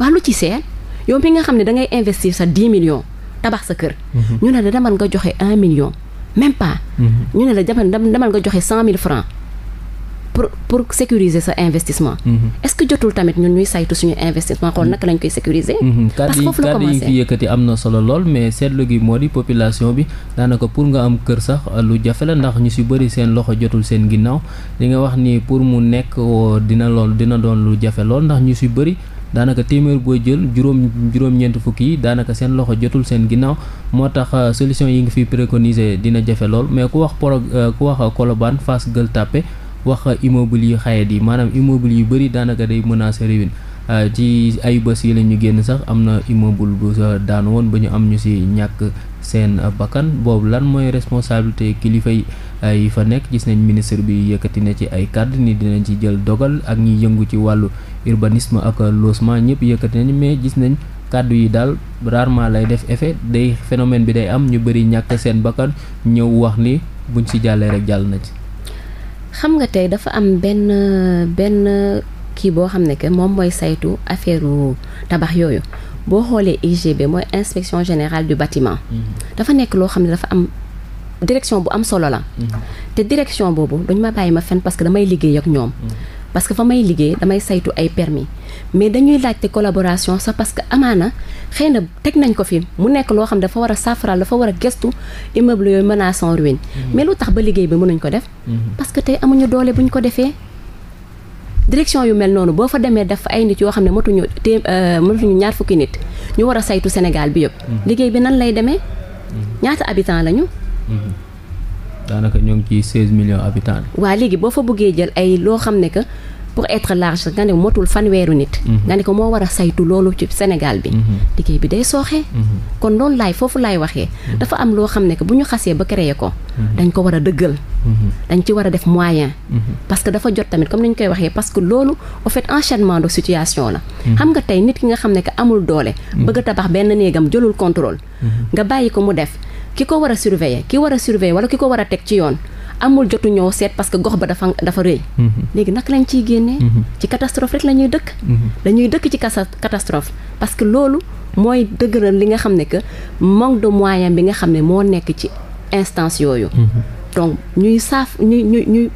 waa lu ci seer yow mi nga xam ne da ngay investir sa 10 millions tabax sa kër ñu ne la demal nga joxe un million même pas ñu ne la demal nga joxe cent mille francs pour pour sécuriser sa investissement. Mm-hmm. est-ce que jotul tamit ñun ñuy saytu suñu investissement xool mm-hmm. naka lañ koy sécuriser. Mm-hmm. parce que foofu la commencé kàddu yi yëkkati am na solo lool mais seetlu gi moo di population bi daanaka pour nga am kër sax lu jafe la ndax ñu ci bari seen loxo jotul seen ginnaaw li nga wax nii pour mu nekk oh, dina lool dina doon lu jafe lool ndax ñu si bari. daanaka téeméer booy jël juróom juróom-ñeent daanaka seen loxo jotul seen ginnaaw moo tax euh, solution yi nga fi préconiser dina jafe lool mais ku wax pro euh, ku wax Colobane Fass Gueule Tapée wax immeuble yu xayat yi maanaam immeuble yu bëri daanaka day menacer ruine euh, ci ay bés yi la ñu génn sax am na immeuble bu daan woon ba ñu am ñu si ñàkk seen bakkan boobu lan mooy responsabilité kilifa euh, yi fa nekk gis nañ ministre bi yëkkati na ci ay kàddu ni dinañ ci jël dogal ak ñi yëngu ci wàllu urbanisme ak logement ñëpp yëkkati nañ mais gis nañ kàddu yi daal rarement lay def effet day phénomène bi day am ñu bëri ñàkk seen bakkan ñëw wax ni buñ si jàllee rek jàll na ci. xam nga tey dafa am benn benn kii boo xam ne que moom mooy saytu affaire tabax yooyu boo xoolee IGB mooy inspection générale du batiment mm-hmm. dafa nekk loo xam ne dafa am direction bu am solo la mm-hmm. te direction boobu dañu ma bàyyi ma fen parce que damay liggéey ak ñoom mm-hmm. parce que fa may liggéey damay saytu ay permis mais dañuy laajte collaboration sax parce que amaana xëy na teg nañ ko fi mu nekk loo xam dafa war a saafaraal dafa war a gestu immeuble yooyu menaçant ruine mm-hmm. mais lu tax ba liggéey bi mënuñ ko def mm-hmm. parce que tey amuñu doole buñ ko defee direction yu mel noonu boo fa demee def ay nit yoo xam ne matuñu té euh, matuñu ñaar fukki nit ñu war a saytu Sénégal bi yëpp mm-hmm. liggéey bi nan lay demee ñaata habitants lañu daanaka ñoo ngi ci seize millions habitants. waa léegi boo fa bëggee jël ay loo xam ne que pour être large nga ne motul fanweeru nit. Mhm. nga ne ko moo war a saytu loolu ci Sénégal bi. Mhm. liggéey bi day sooxee. Mhm. kon loolu laay foofu laay waxee. dafa am loo xam ne que bu ñu xasee ba créer ko. dañ ko war a dëggal. dañ ci war a def moyen. parce que dafa jot tamit comme ni koy waxee parce que loolu au fait enchaînement de situation la. xam nga tey nit ki nga xam ne que amul doole. bëgg tabax benn néegam jëlul contrôle. nga bàyyi ko mu def. ki ko war a surveiller ki war a surveiller wala ki ko war a teg ci yoon amul jotu ñëw seet parce que gox ba dafa dafa rëy. Mhm. léegi naka lañ ciy génnee. Mhm. ci catastrophe rek la ñuy dëkk. Mhm. dañuy dëkk ci catastrophe parce que loolu mooy dëgëral li nga xam ne que manque de moyen bi nga xam ne moo nekk ci instance yooyu. donc ñuy saaf ñuy ñuy ñuy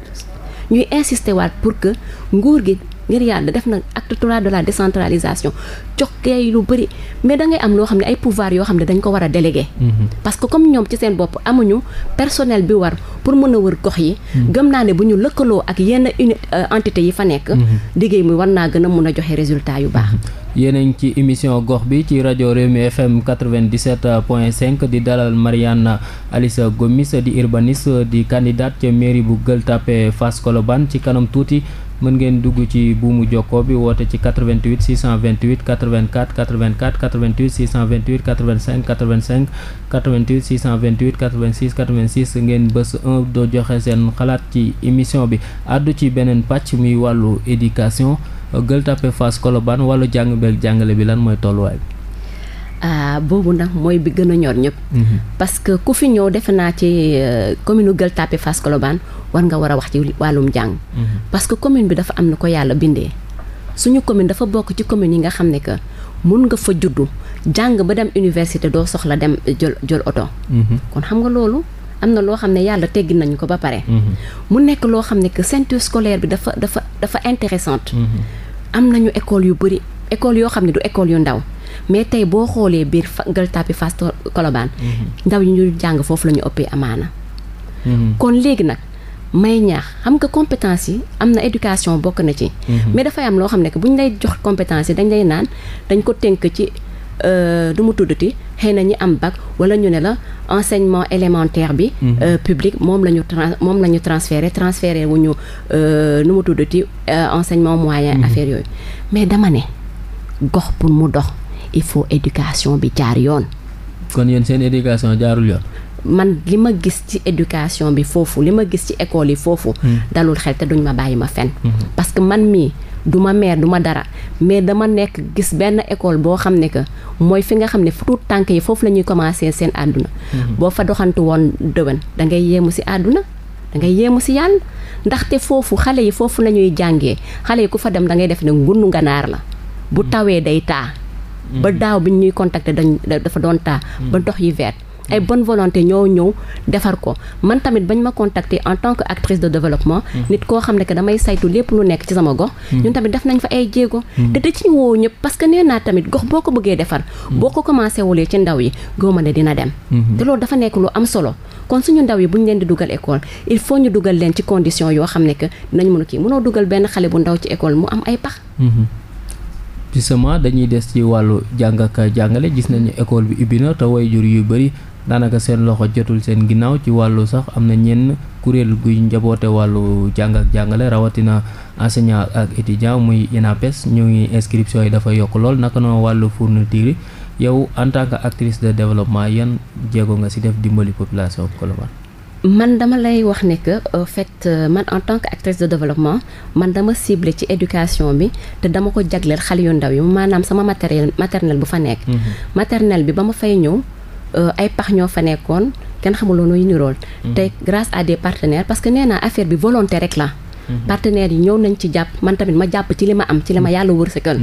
ñuy insister waat pour que nguur gi. ngir yàlla def na acte trois de la décentralisation jox kay lu bëri mais da ngay am loo xam ne ay pouvoir yoo xam ne dañ ko war a délégué. Mhm. parce que comme ñoom ci seen bopp amuñu personnel bi war pour mën a wër gox yi. Mhm. gëm naa ne bu ñu lëkkaloo ak yenn unité euh, entité yi fa nekk. Mhm. liggéey mi war naa gën a mun a joxe résultat yu baax. yeneen ci émission gox bi ci rajo mi FM point cinq di dalal Mariane Alice Gomis di urbaniste di candidate ca mairie bu Gueule Tapée Fass Colobane ci kanam tuuti. mën ngeen dugg ci buumu jokkoo bi woote ci 88 628 84 84 88 628 85 85 88 628 86 86 ngeen bës 1 doo joxe seen xalaat ci émission bi àddu ci beneen pàcc muy wàllu éducation Gueule Tapée Fass Colobane wàllu jàng beeg jàngale bi lan mooy tolluwaay bi. ah boobu nag mooy bi gën a ñor ñëpp. Mhm. parce que ku fi ñëw defe naa ci euh, commune Gueule Tapée Fass Colobane war nga war a wax ci wàllum jàng. Mhm. parce que commune bi dafa am na ko yàlla bindee. suñu commune dafa bokk ci commune yi nga xam ne que mun nga fa juddu jàng ba dem université doo soxla dem jol jël oto. Mhm. kon xam nga loolu am na loo xam ne yàlla teggi nañu ko ba pare. Mhm. mu nekk loo xam ne que ceinture scolaire bi dafa dafa dafa intéressante. am nañu école yu bëri école yoo xam ne du école yu ndaw mais tey boo xoolee biir Gueule Tapée Fass Colobane ndaw yi ñu jàng foofu la ñu ëppee amaana. kon may ñaax xam nga compétence yi am na éducation bokk na ci. Mhm. mais dafay am loo xam ne bu ñu lay jox compétence yi dañ lay naan dañ ko tënk ci du euh, mu tuddati xëy na ñi am bac wala ñu ne la enseignement élémentaire bi. Mhm. Euh, publique moom la ñu trans moom la ñu transféré transféré wu ñu euh, nu mu tuddati enseignement moyen mhm. affaire yooyu mais dama ne gox pour mu dox il faut éducation bi jaar yoon. kon yéen seen éducation jaarul yoon. man li ma gis ci éducation bi foofu li ma gis ci école yi foofu hmm. dalul xel te duñ ma bàyyi ma fen hmm. parce que man mii du ma meer du ma dara mais dama nekk gis benn école boo xam ne que mooy fi nga xam ne tuut tànk yi foofu la ñuy commencé seen àdduna hmm. boo fa doxante woon dëwën da ngay yéemu si àdduna da ngay yéemu si yàlla ndaxte foofu xale yi foofu la ñuy jàngee xale yi ku fa dem da ngay def ne ngunu ganaar la bu tawee day taa ba daaw bi ñuy contacter dañ dafa doon taa ba ndox yi vert ay bonne volonté ñoo ñëw defar ko man tamit bañ ma contacter en tant que actrice de développement mm-hmm. nit koo xam ne que damay saytu lépp lu nekk ci sama gox mm-hmm. ñun tamit def nañ fa ay jéego mm-hmm. te da ci woo ñëpp parce que neen naa tamit gox boo ko bëggee defar boo ko commencé wulee ci ndaw yi ma ne dina dem te loolu dafa nekk lu am solo kon suñu ndaw yi bu ñu leen di dugal école il faut ñu dugal leen ci condition yoo xam ne que dinañ mën a kii mënoo dugal benn xale bu ndaw ci école mu am ay pax justement dañuy des ci wàllu jàng ak jàngale gis nañu école bi ubbi na te way yu bëri daanaka seen loxo jotul seen ginnaaw ci wàllu sax am na ñenn kuréel guy njaboote wàllu jàngal jàngale rawatina enseignant ak étudiant muy INAPES ñu ngi inscription yi dafa yokk lool naka noonu wàllu fourniture yow en tant que actrice de développement yan jéego nga ci def dimbali population Colobane man dama lay wax ne que en fait man en tant que actrice de développement man dama ciblé ci éducation bi te dama ko jagleel xale yu ndaw yi maanaam sama matériel maternel bu fa nekk mm-hmm. maternel bi ba ma fay ñëw Euh, ay pax ñoo fa nekkoon kenn xamuloo nooy nirool mm-hmm. te grâce à des partenaires parce que nee naa affaire bi volonté rek la mm-hmm. partenaires yi ñëw nañ ci jàpp man tamit ma jàpp ci li ma am ci li ma mm-hmm. yàlla wërsëgal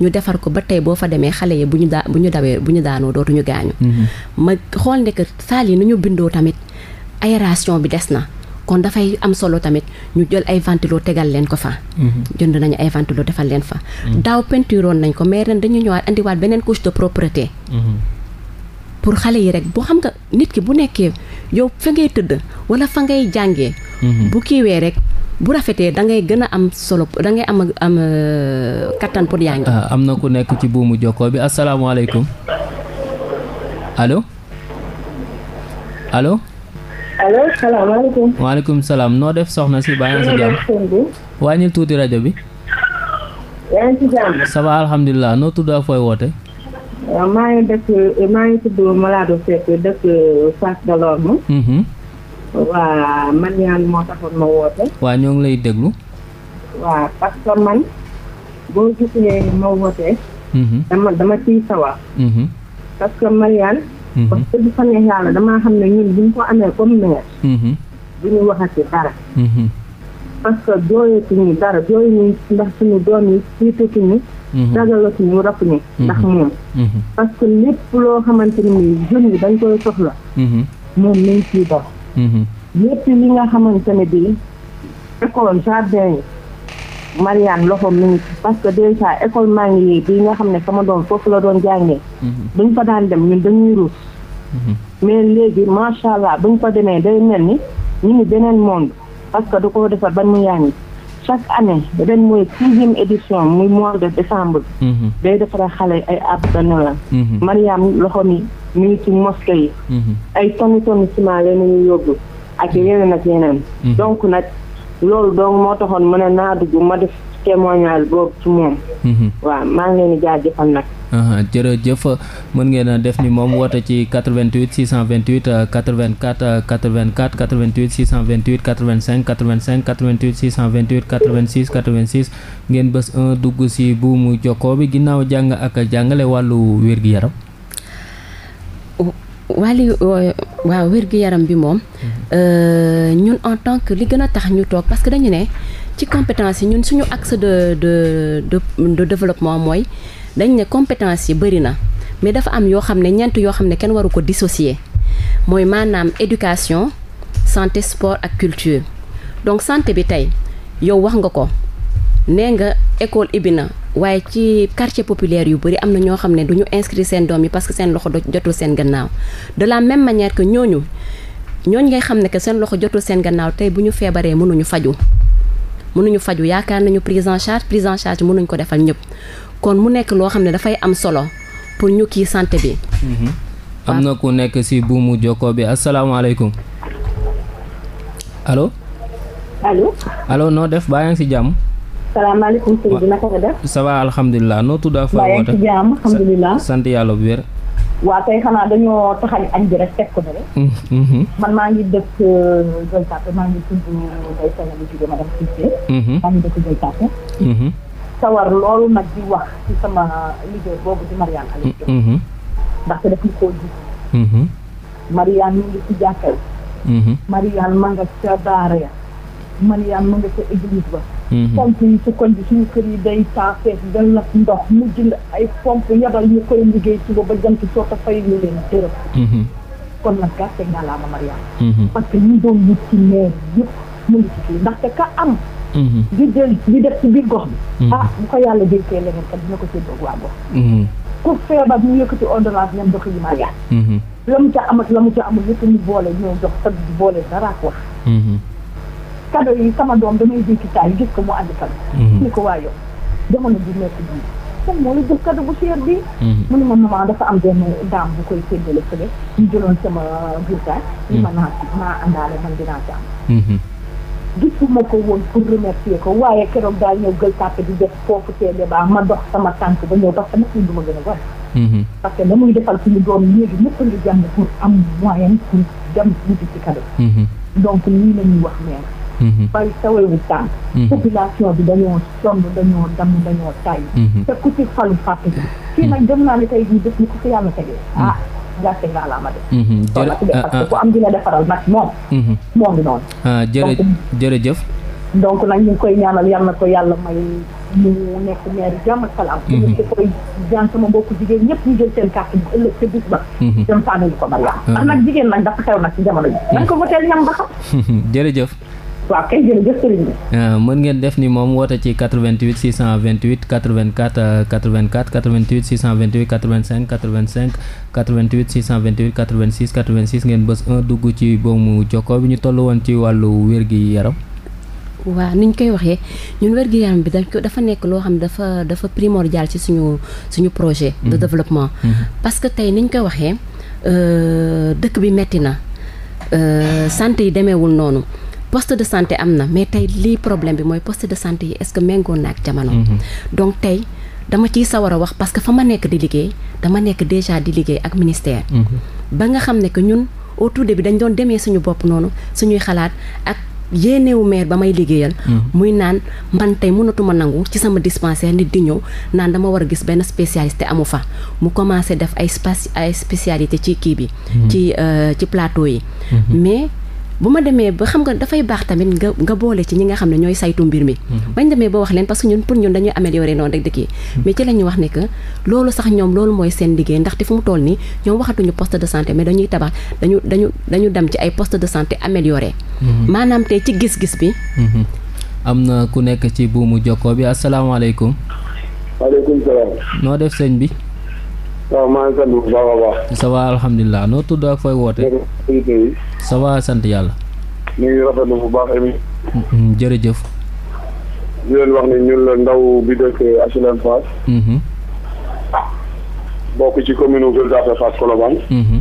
ñu defar ko ba tey boo fa demee xale yi bu ñu daa bu ñu dawee bu ñu daanoo dootuñu gaañu ma xool ne que saal yi nu ñu bindoo tamit aération bi des na kon dafay am solo tamit ñu jël ay ventilo tegal leen ko fa jënd nañu ay ventilo defal leen fa daaw peinturoon nañ ko mais ren dañu ñëwaat andiwaat beneen couche de pour xale yi rek boo xam nga nit ki bu nekkee yow fa ngay tëdd wala fa ngay jàngee. Mhm. bu kiiwee rek bu rafetee dangay gën a am solo dangay am am euh, kattan yaa ngi. Ah, am na ku nekk ci buumu jokkoo bi asalaamaaleykum allo allo. allo salaamaaleykum. waaleykum salaam noo def soxna si baa tuuti rajo bi. yaa ngi si noo tudd fooy woote. maa ngi dëkk maa ngi tudd Malado Seck dëkk Fass Delorme. Mhm. waa man moo taxoon ma woote. waa ñoo ngi lay déglu. waa parce que man boo gisee ma wootee. Mhm. dama dama ciy sawar. Mhm. parce que Mariane. parce que bu fa ne xam ne ñun bu ñu ko amee comme bu ñu waxati dara. parce que jooyatuñu dara jooyuñu ndax suñu doom yi siitatuñu. ragalatuñu mhm. rafuñu mhm. ndax moom mhm. parce que lépp loo xamante ne nii jeunes yi dañ koy soxla moom nañ ciy dox lépp li nga xamante ne bi école jardin yi Mariane loxoom mi ngi parce que déjà école maa ngi yi bi nga xam ne sama doom foofu la doon jàngee buñ ko daan dem ñun dañuy ruus mais léegi macha allah buñ ko demee day mel ni ñu ngi beneen monde parce que da ko defar ban mu yaa chaque année ren mooy sixième édition muy mois de décembre. Mm-hmm. day defara xale ay ab de Noël. Mm-hmm. Mariam loxo mi mi ngi ci yi. Mm-hmm. ay tonni tonni ciment la ñuy yóbbu ak yeneen ak yeneen. donc nag loolu donc moo taxoon mën a naa dugg ma def. témoignage boobu ci moom. Mhm. waaw maa ngi leen di jaajëfal nag. jërëjëf mën ngeen a def ni moom woote ci 88 628 84 84 88 628 85 85 88 628 86 86 ngeen bës 1 dugg si buumu jokkoo bi ginnaaw jàng ak jàngale wàllu wér-gu-yaram. wàllu euh, waaw wér-gu-yaram bi moom mhm. euh, ñun en tant que li gën a tax ñu toog parce que dañu ne. ci compétence yi ñun suñu axe de de de de mooy dañ ne compétence yi bëri na mais dafa am yoo xam ne ñent yoo xam ne kenn waru ko dissocier mooy maanaam éducation santé sport ak culture donc santé bi tey yow wax nga ko nee nga école ibbi na waaye ci quartier populaire yu bari am na ñoo xam ne du ñu inscrit seen doom yi parce que seen loxo jotul seen gannaaw de la même manière que ñooñu ñooñu ngay xam ne que seen loxo jotul seen gannaaw tey bu ñu feebaree mënuñu faju mënuñu faju yaakaar nañu prise en charge prise en charge mënuñ ko defal ñëpp kon mu nekk loo xam ne dafay am solo pour ñu kii santé bi. Mhm. am na ku nekk ci buumu jokkoo bi asalaamaaleykum allo. allo. allo noo def baa ngi ci jàmm. salaamaaleykum sëñ bi naka nga def. ça va alhamdulilah noo tudd ak. sant yàlla bu wér. waa tey xanaa dañoo taxañ añ bi rek teg ko dale man mm-hmm. maa ngi dëkk Gueule Tapée maa mm-hmm. ngi tudd Ndeye Saly Diouf madame Cissé maa ngi dëkk Gueule Tapée sawar loolu nag di wax ci sama liggéey boobu di Mariane Aliou Diop mm-hmm. ndaxte daf ñu koo ji Mariane mi ma nga ca daara ya Mariane ma nga ca église ba Mhm. pompe yi su kon bi suñu kër yi day taafees dal nag ndox mu jënd ay pompe yabal ñu koy liggéey suba ba jant soo ta fay mhm. kon nag gàcce nga laa mhm. parce que ñu doon wut ci yëpp mu kii ndaxte ka am di jël di def ci biir gox bi ah bu ko yàlla dénkee leneen kat dina ko séddoog waa feebar ñu yëkkati ordonnance ñam dox yi Mariama la mu ca amat la mu ca amul yëpp ñu boole ñoo jox tag boole dara ko kado yi sama doom damay jiitu taay gis ko mu ànd fan. Mhm. ni ko waa yow jamono bi nekk bii moom moo la bi mhm. mu ne ma dafa am daam bu koy séddale fële ñu jëloon sama bulletin. Mhm. ni ma naa naa àndaale man dinaa ci am. gisuma ko woon pour remercier ko waaye keroog daal ñëw gël tàppe di def foofu teele baa ma dox sama tànk ba ñëw dox sama suñ du a parce que la muy defal suñu doom léegi ñëpp ngi jàng pour am moyen pour dem wuti ci cadeau donc lii la wax nee bari tawee wu tànk. bi dañoo sonn dañoo damm dañoo tay. Mhm. te ku ci falu fàtte bi. kii nag dem naa ne tey jii de. jërëjëf parce que ku am dina defaral nag moom. Mhm. moo ngi noonu. Ah, jërë jërëjëf. donc nag ñu ngi koy ñaanal yal na ko yàlla may mu nekk maire jàmm ak salaam. Mhm. ñu koy jaan ñëpp ñu jël seen carte bu ëllëg ca bis ba. ndax nag jigéen nag dafa xew nag ci ji. ko voteel ñam ba xam. [laughs] waaw kay jërëjëf sëriñ bi. Ah, mën ngeen def ni moom woote ci 88 628 84 84 88 628 85 85 88 628 86 86 ngeen bës 1 dugg ci boomu jokkoo bi ñu toll woon ci wàllu wér-gi yaram. waaw ni ñu koy waxee ñun wérgu yaram bi dañ ko dafa nekk loo xam dafa dafa primordial ci suñu suñu projet. de mhm. développement. Mhm. parce que tey ni ñu koy waxee euh, dëkk bi metti na euh, santé yi demeewul noonu. poste de santé am na mais tey lii problème bi mooy poste de santé yi est-ce que méngoo na ak jamono. Mhm. donc tey dama ciy sawar a wax parce que fa ma nekk di liggéey dama nekk déjà di liggéey ak ministère. Mhm. ba nga xam ne que ñun au tout début dañ doon demee suñu bopp noonu suñuy xalaat ak. yéenewu maire ba may liggéeyal mhm. muy naan man tey mënatuma nangu ci sama dispensaire nit di ñëw naan dama war a gis benn spécialiste amu fa mu commencé def ay space ay spécialité ci kii bi ci euh, ci plateau yi bu ma demee ba xam nga dafay baax tamit nga nga boole ci ñi nga xam ne ñooy saytu mbir mi mhm. bañ demee ba wax leen parce que ñun pour ñun dañuy améliorer noonu rek dëkk yi mhm. ñu wax ne que loolu sax ñoom loolu mooy seen liggéey ndaxte fu mu toll nii ñoom waxatuñu poste de santé mais dañuy tabax dañu dañu dañu dem ci ay poste de santé amélioré mhm. maanaam tey ci gis-gis bi am na ku nekk ci buumu jokkoo bi asalaamaaleykum waaleykum salaam noo def sëñ bi waaw maa sant bu baax a baax. ça va alhamdulilah noo tudd ak fooy woote. ça va sant yàlla. ñu ngi rafetlu bu baax émission. Mm-hmm, jërëjëf. di leen wax ne ñun la ndaw bi dëkk HLM Fass. Mm-hmm. bokk ci commune nu Gueule Tapée Fass Colobane. Mm-hmm.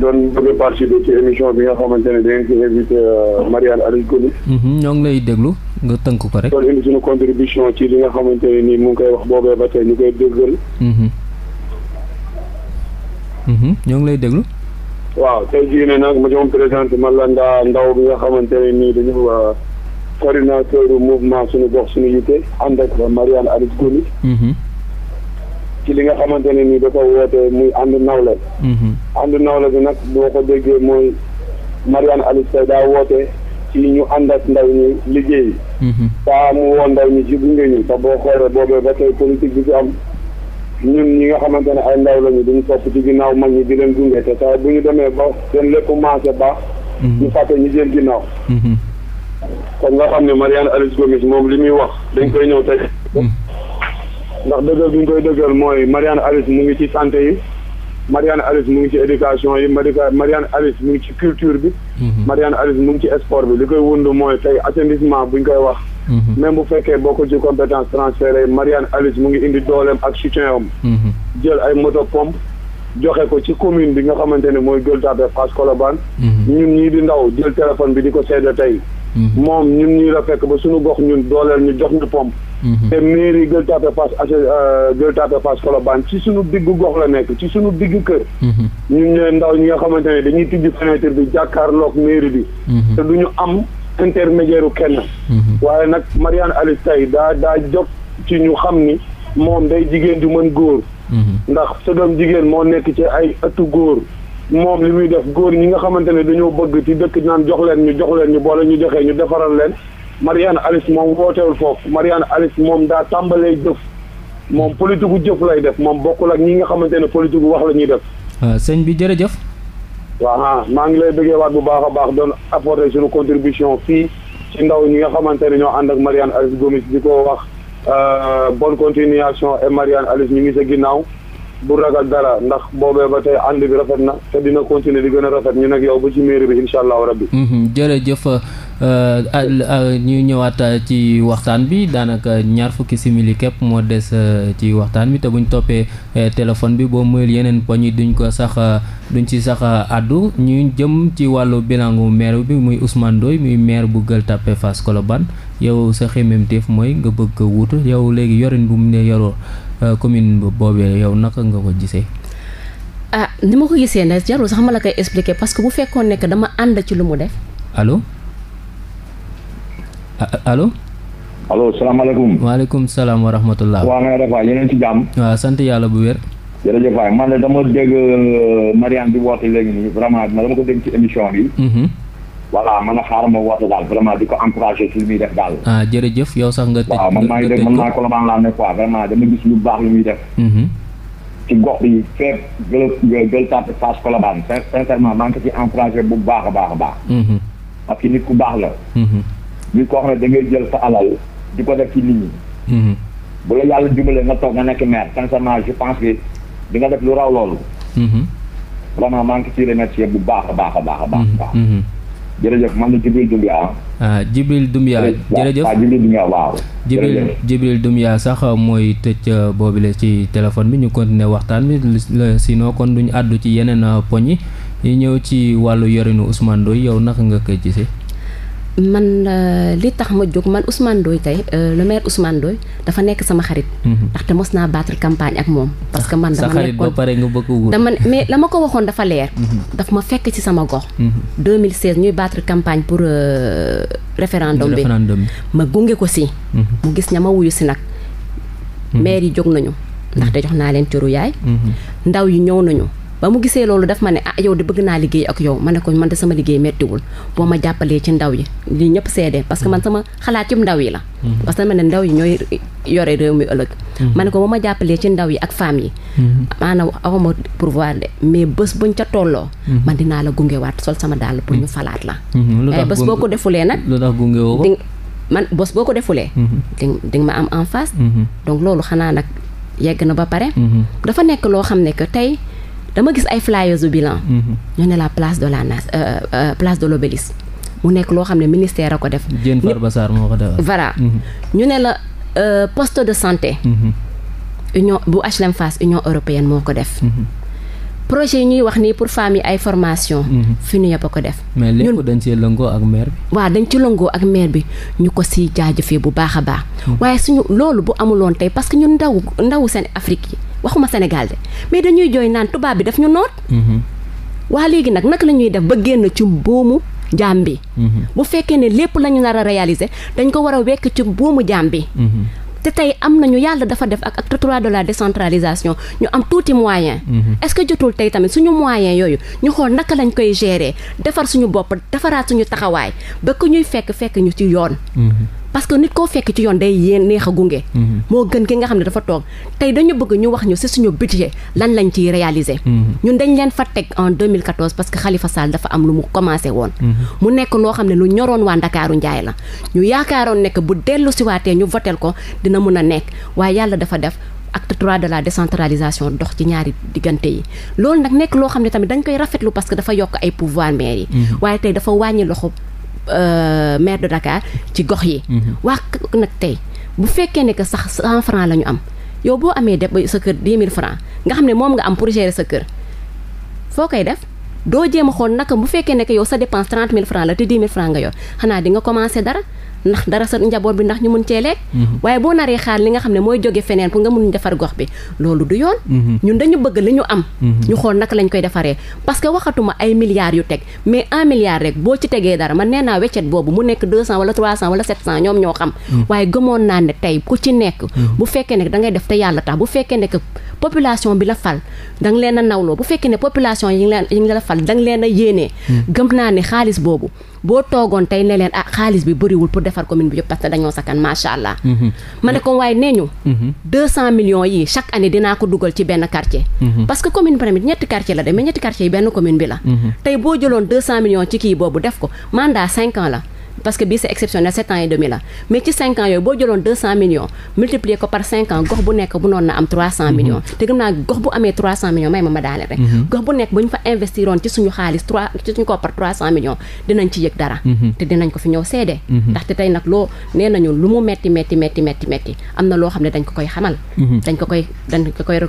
doon bëgg a participer ci émission nga xamante ne da ngeen ci invité euh, Alice Gomis. ñoo ngi lay déglu nga tënk ko rek. doon indi suñu contribution ci li nga koy wax Mm-hmm. ñoo ngi lay déglu. waaw tey jii ne nag ma jox présenté man la ndaa ndaw bi nga xamante ne nii dañu euh, coordinateur mouvement suñu gox suñu yitte ànd ak Alice Gomis mm-hmm. ci li nga xamante ne nii dafa woote muy ànd nawle mm-hmm. ànd nawle bi nag boo ko déggee mooy Mariane Alice tey daa woote ci ñu ànd ak ndaw ñi liggéey saa mu woo ndaw ñi ci gunge ñu te boo xoolee boobee ba tey politique bi fi am ñun ñi nga xamante ne ay ndaw lañu duñu topp ci ginnaaw mag ñi di leen gunge te saa bu ñu demee ba seen lépp commencé baax. Mhm. ñu fàtte ñu jël ginnaaw. Mhm. kon nga xam ne Marianne Alice Gomis moom li muy wax dañ koy ñëw tey. Mhm. ndax dëggal bu ñu koy dëggal mooy Marianne Alice mu ngi ci santé yi. Marianne Alice mu ngi ci éducation yi Marianne Marianne Alice mu ngi ci culture bi. Marianne Alice mu ngi ci sport bi li koy wund mooy tey assainissement buñ koy wax. Mm-hmm. même bu fekkee bokk ci compétence transféré Marianne Alice mu ngi indi dooleem ak soutien am mm-hmm. jël ay moto pompe joxe ko ci commune bi nga xamante ne mooy Gueule Tapée Fass Colobane mm-hmm. ñun ñii di ndaw jël téléphone bi di ko seede tey moom ñun ñii la fekk ba suñu gox ñun dooleel ñu jox ñu pompe te mairie Gueule Tapée Fass ac euh, Gueule Tapée Fass Colobane ci suñu diggu gox la nekk ci suñu diggu kër ñun ñooy ndaw ñi nga xamante ne dañuy tijji fenêtre bi jàkkaarloog mairie bi te du ñu am intermédiaire kenn. Mhm. waaye nag Marianne Alice Tay daa daa jóg ci ñu xam ni moom day jigéen ju mën góor. Mhm. ndax sa doom jigéen moo nekk ci ay ëttu góor. moom li muy def góor ñi nga xamante ne dañoo bëgg ci dëkk naan jox leen ñu jox leen ñu boole ñu joxee ñu defaral leen Marianne Alice moom wootewul foofu Marianne Alice moom daa tàmbalee jëf moom politique gu jëf lay def moom bokkul ak ñi nga xamante ne politique gu wax la ñuy def. Euh, sëñ bi jërëjëf. waaw ah, maa ngi lay bëggee waat bu baax a baax doon apporter suñu contribution fii ci ndaw ñi nga xamante ne ñoo ànd ak Marianne Alice Gomis di ko wax euh, bonne continuation et Marianne Alice ñu ngi sa ginnaaw bu ragal dara ndax boobee ba tey ànd bi rafet na te dina continuer di gën a rafet ñu nag yow ba ci mairie bi incha allahu rabbi mhm, jërëjëf Euh, euh, ñu ñëwaat euh, ci waxtaan bi daanaka ñaar fukki simili képp moo des ci waxtaan bi te buñ toppee téléphone bi boo muyul yeneen poñ yi duñ ko sax duñ ci sax àddu ñu jëm ci wàllu bilangu maire bi muy Ousmane dooy muy maire bu Gueule Tapée Fass Colobane yow sa xemmemteef mooy nga bëgg ko wutu yow léegi yorin bu mu ne yoroo commune boobee yow naka nga ko gisee. ah ni ma ko gisee nag jarul sax ma la koy expliquer parce que bu fekkoon nekk dama ànd ci lu mu def allo. allo. allo salaamaaleykum. waaleykum salaam wa rahmatullah. waaw nga def waay yeneen ci jàmm. waaw sant yàlla bu wér. jërëjëf waay man de dama dégg euh, Mariane bi woote léegi nii vraiment dama ko dégg ci émission bi. Mhm. voilà man a xaaral ma woote daal vraiment di ko encouragé ci li muy def daal. ah jërëjëf yow sax nga. tëj waaw man maa ngi def man maa Colobane laa ne quoi vraiment dama gis lu baax lu muy def. Mhm. ci gox bi fépp gël gël tàpp Fass Colobane sincèrement maa ngi ko ci encouragé bu baax a baax a baax. Mhm. parce nit ku baax la. nit koo xam ne da jël sa alal di ko def ci nit ñi. Mm-hmm. bu la yàlla dimbalee nga toog nga nekk maire sincèrement pense que di nga def lu mm-hmm. maa ngi ciy remercier bu baax a baax a baax a baax. Mm-hmm. jërëjëf man la Jibril Doumbia ah Jibril Doumbia jërëjëf waaw Jibril Doumbia waaw Jibril Jibril Doumbia sax mooy tëj euh, boobule ci téléphone bi ñu continuer waxtaan bi sinon kon duñu àddu ci yeneen euh, poñ yi ñëw ci wàllu yorinu Ousmane Ndoye yow naka nga koy gisee man euh, li tax ma jóg man Ousmane dooy tey euh, le maire Ousmane Ndoye dafa nekk sama xarit. Mhm. ndaxte mos naa battre campagne ak moom. parce que man ah, dama nekkoon ba pare nga bëgg dama mais la ma ko waxoon dafa leer. Mhm. daf ma fekk ci sama gox. 2016 mhm. ñuy battre campagne pour euh, référendum bi ma gunge ko si. mu gis ña ma wuyu si nag. maire yi jóg nañu. ndaxte jox naa leen cëru yaay. ndaw yi ñëw nañu. ba mu gisee loolu daf ma ne ah yow de bëgg naa liggéey ak yow ma ne ko man de sama liggéey méttiwul boo ma jàppalee ci ndaw yi li ñëpp seede parce que man sama xalaat ci ndaw yi la mm-hmm. parce que ma ne ndaw yi yore réew mi ëllëg mm-hmm. ma ne ko boo ma jàppalee ci ndaw yi ak femme yi mm-hmm. maanaam awma pourvoir de mais bës bu buñ ca tolloo man dinaa la gungewaat sol sama dàll pour ñu falaat la eh, ay bés boo ko defulee nag man bés boo ko defulee di ma am en face donc loolu xanaa nag yegg na ba pare dafa nekk loo xam ne que tey dama gis ay flyers au bilan. Mhm. ñu ne la place de la na euh, euh, place de l'obélisque mu nekk loo xam ne ministère a ko def. Diène Farba Sarr moo ko def. voilà mhm. ñu ne la euh, poste de santé. Mhm. union bu HLM Fass union européenne moo ko def. projet yi ñuy wax nii pour femmes yi ay formation fi ñu yëpp a ko def. mais lépp dañ ci lëngoo ak maire bi. waaw dañ ci lëngoo ak maire bi ñu ko si jaajëfee bu baax a baax. waaye suñu loolu bu amuloon tey parce que ñun ndaw ndawu seen Afrique yi. waxuma Sénégal de mais dañuy jooy naan tubaab bi daf ñu noot. Mhm. waa léegi nag naka la ñuy def ba génn ci boomu jaam bi. Mhm. bu fekkee ne lépp la ñu nar a réaliser dañ ko war a wekk ci boomu jaam bi. Mhm. te tey am nañu yàlla dafa def ak acte trois de la décentralisation ñu am tuuti moyen est-ce que jotul tey tamit suñu moyen yooyu ñu xool naka lañ koy gérer defar suñu bopp defaraat suñu taxawaay ba ku ñuy fekk fekk ñu ci yoon. parce que nit koo fekk ci yoon day yéen neex gunge. Mhm. moo gën ki nga xam ne dafa toog tey dañu bëgg ñu wax ñu si suñu budget lan lañ ciy réaliser. Mhm. ñun dañ leen fa teg en 2014 parce que Khalifa Sall dafa am lu mu commencé woon. Mhm. mu nekk loo xam ne lu ñoroon waa Ndakaaru Njaay la ñu yaakaaroon nekk bu dellu siwaatee ñu voteel ko dina mun a nekk waaye yàlla dafa def. acte trois de la décentralisation dox ci ñaari diggante yi loolu nag nekk loo xam ne tamit dañ koy rafetlu parce que yokk ay pouvoir yi waaye tey dafa wàññi loxo Euh, maire de dakaar ci gox yi. Mhm. wax nag tey bu fekkee ne que sax cent franc la ñu am yow boo amee def sa kër dix mille franc nga xam ne moom nga am pour gérer sa kër foo koy def. doo jéem a xool naka bu fekkee ne que yow sa dépense trente mille francs la te dix mille francs nga yor xanaa di nga commencer dara ndax dara sa njaboot bi ndax ñu mun cee lekk mhm. waaye boo naree xaar li nga xam ne mooy jóge feneen pour nga mun defar gox bi loolu du yoon mhm. ñun dañu bëgg li ñu am mhm. ñu xool naka lañ koy defaree parce que waxatuma ay milliards yu teg mais un milliard rek boo ci tegee dara man nee naa weccet boobu mu nekk deux cent wala trois cent wala sept cent ñoom ñoo xam waaye gëmoon naa ne tey ku ci nekk bu fekkee ne da ngay def te yàlla tax bu fekkee ne population bi la fal da nga leen a nawloo bu fekkee ne population yi nga leen yi la fal da leen a yéenee hmm. gëm naa ne xaalis boobu boo toogoon tey ne leen ah xaalis bi bëriwul pour defar commune bi yëpp parce que dañoo sakkan macha allah hmm. ma ne ko waaye nee ñu hmm. deux cent millions yi chaque année dinaa ko dugal ci benn quartier parce que commune bi tamit ñetti quartier la demee ñetti quartier yi benn commune bi la tey boo jëloon deux cent millions ci kii boobu def ko mandat cinq la parce que bii c'est exceptionnel sept ans et deux millions multiplier ko par cinq ans gox bu nekk bu noon na am trois cent mhm. millions te gëm naa gox bu amee trois cent millions may ma ma daane rek mhm. gox bu nekk bu ñu fa investiroon ci suñu xaalis trois ci suñu koppar trois cent millions dinañ ci yëg dara mhm. te dinañ ko fi ñëw seede ndaxte tey nag loo nee nañu lu mu metti metti metti metti metti am na loo xam ne dañ ko koy xamal dañ ko koy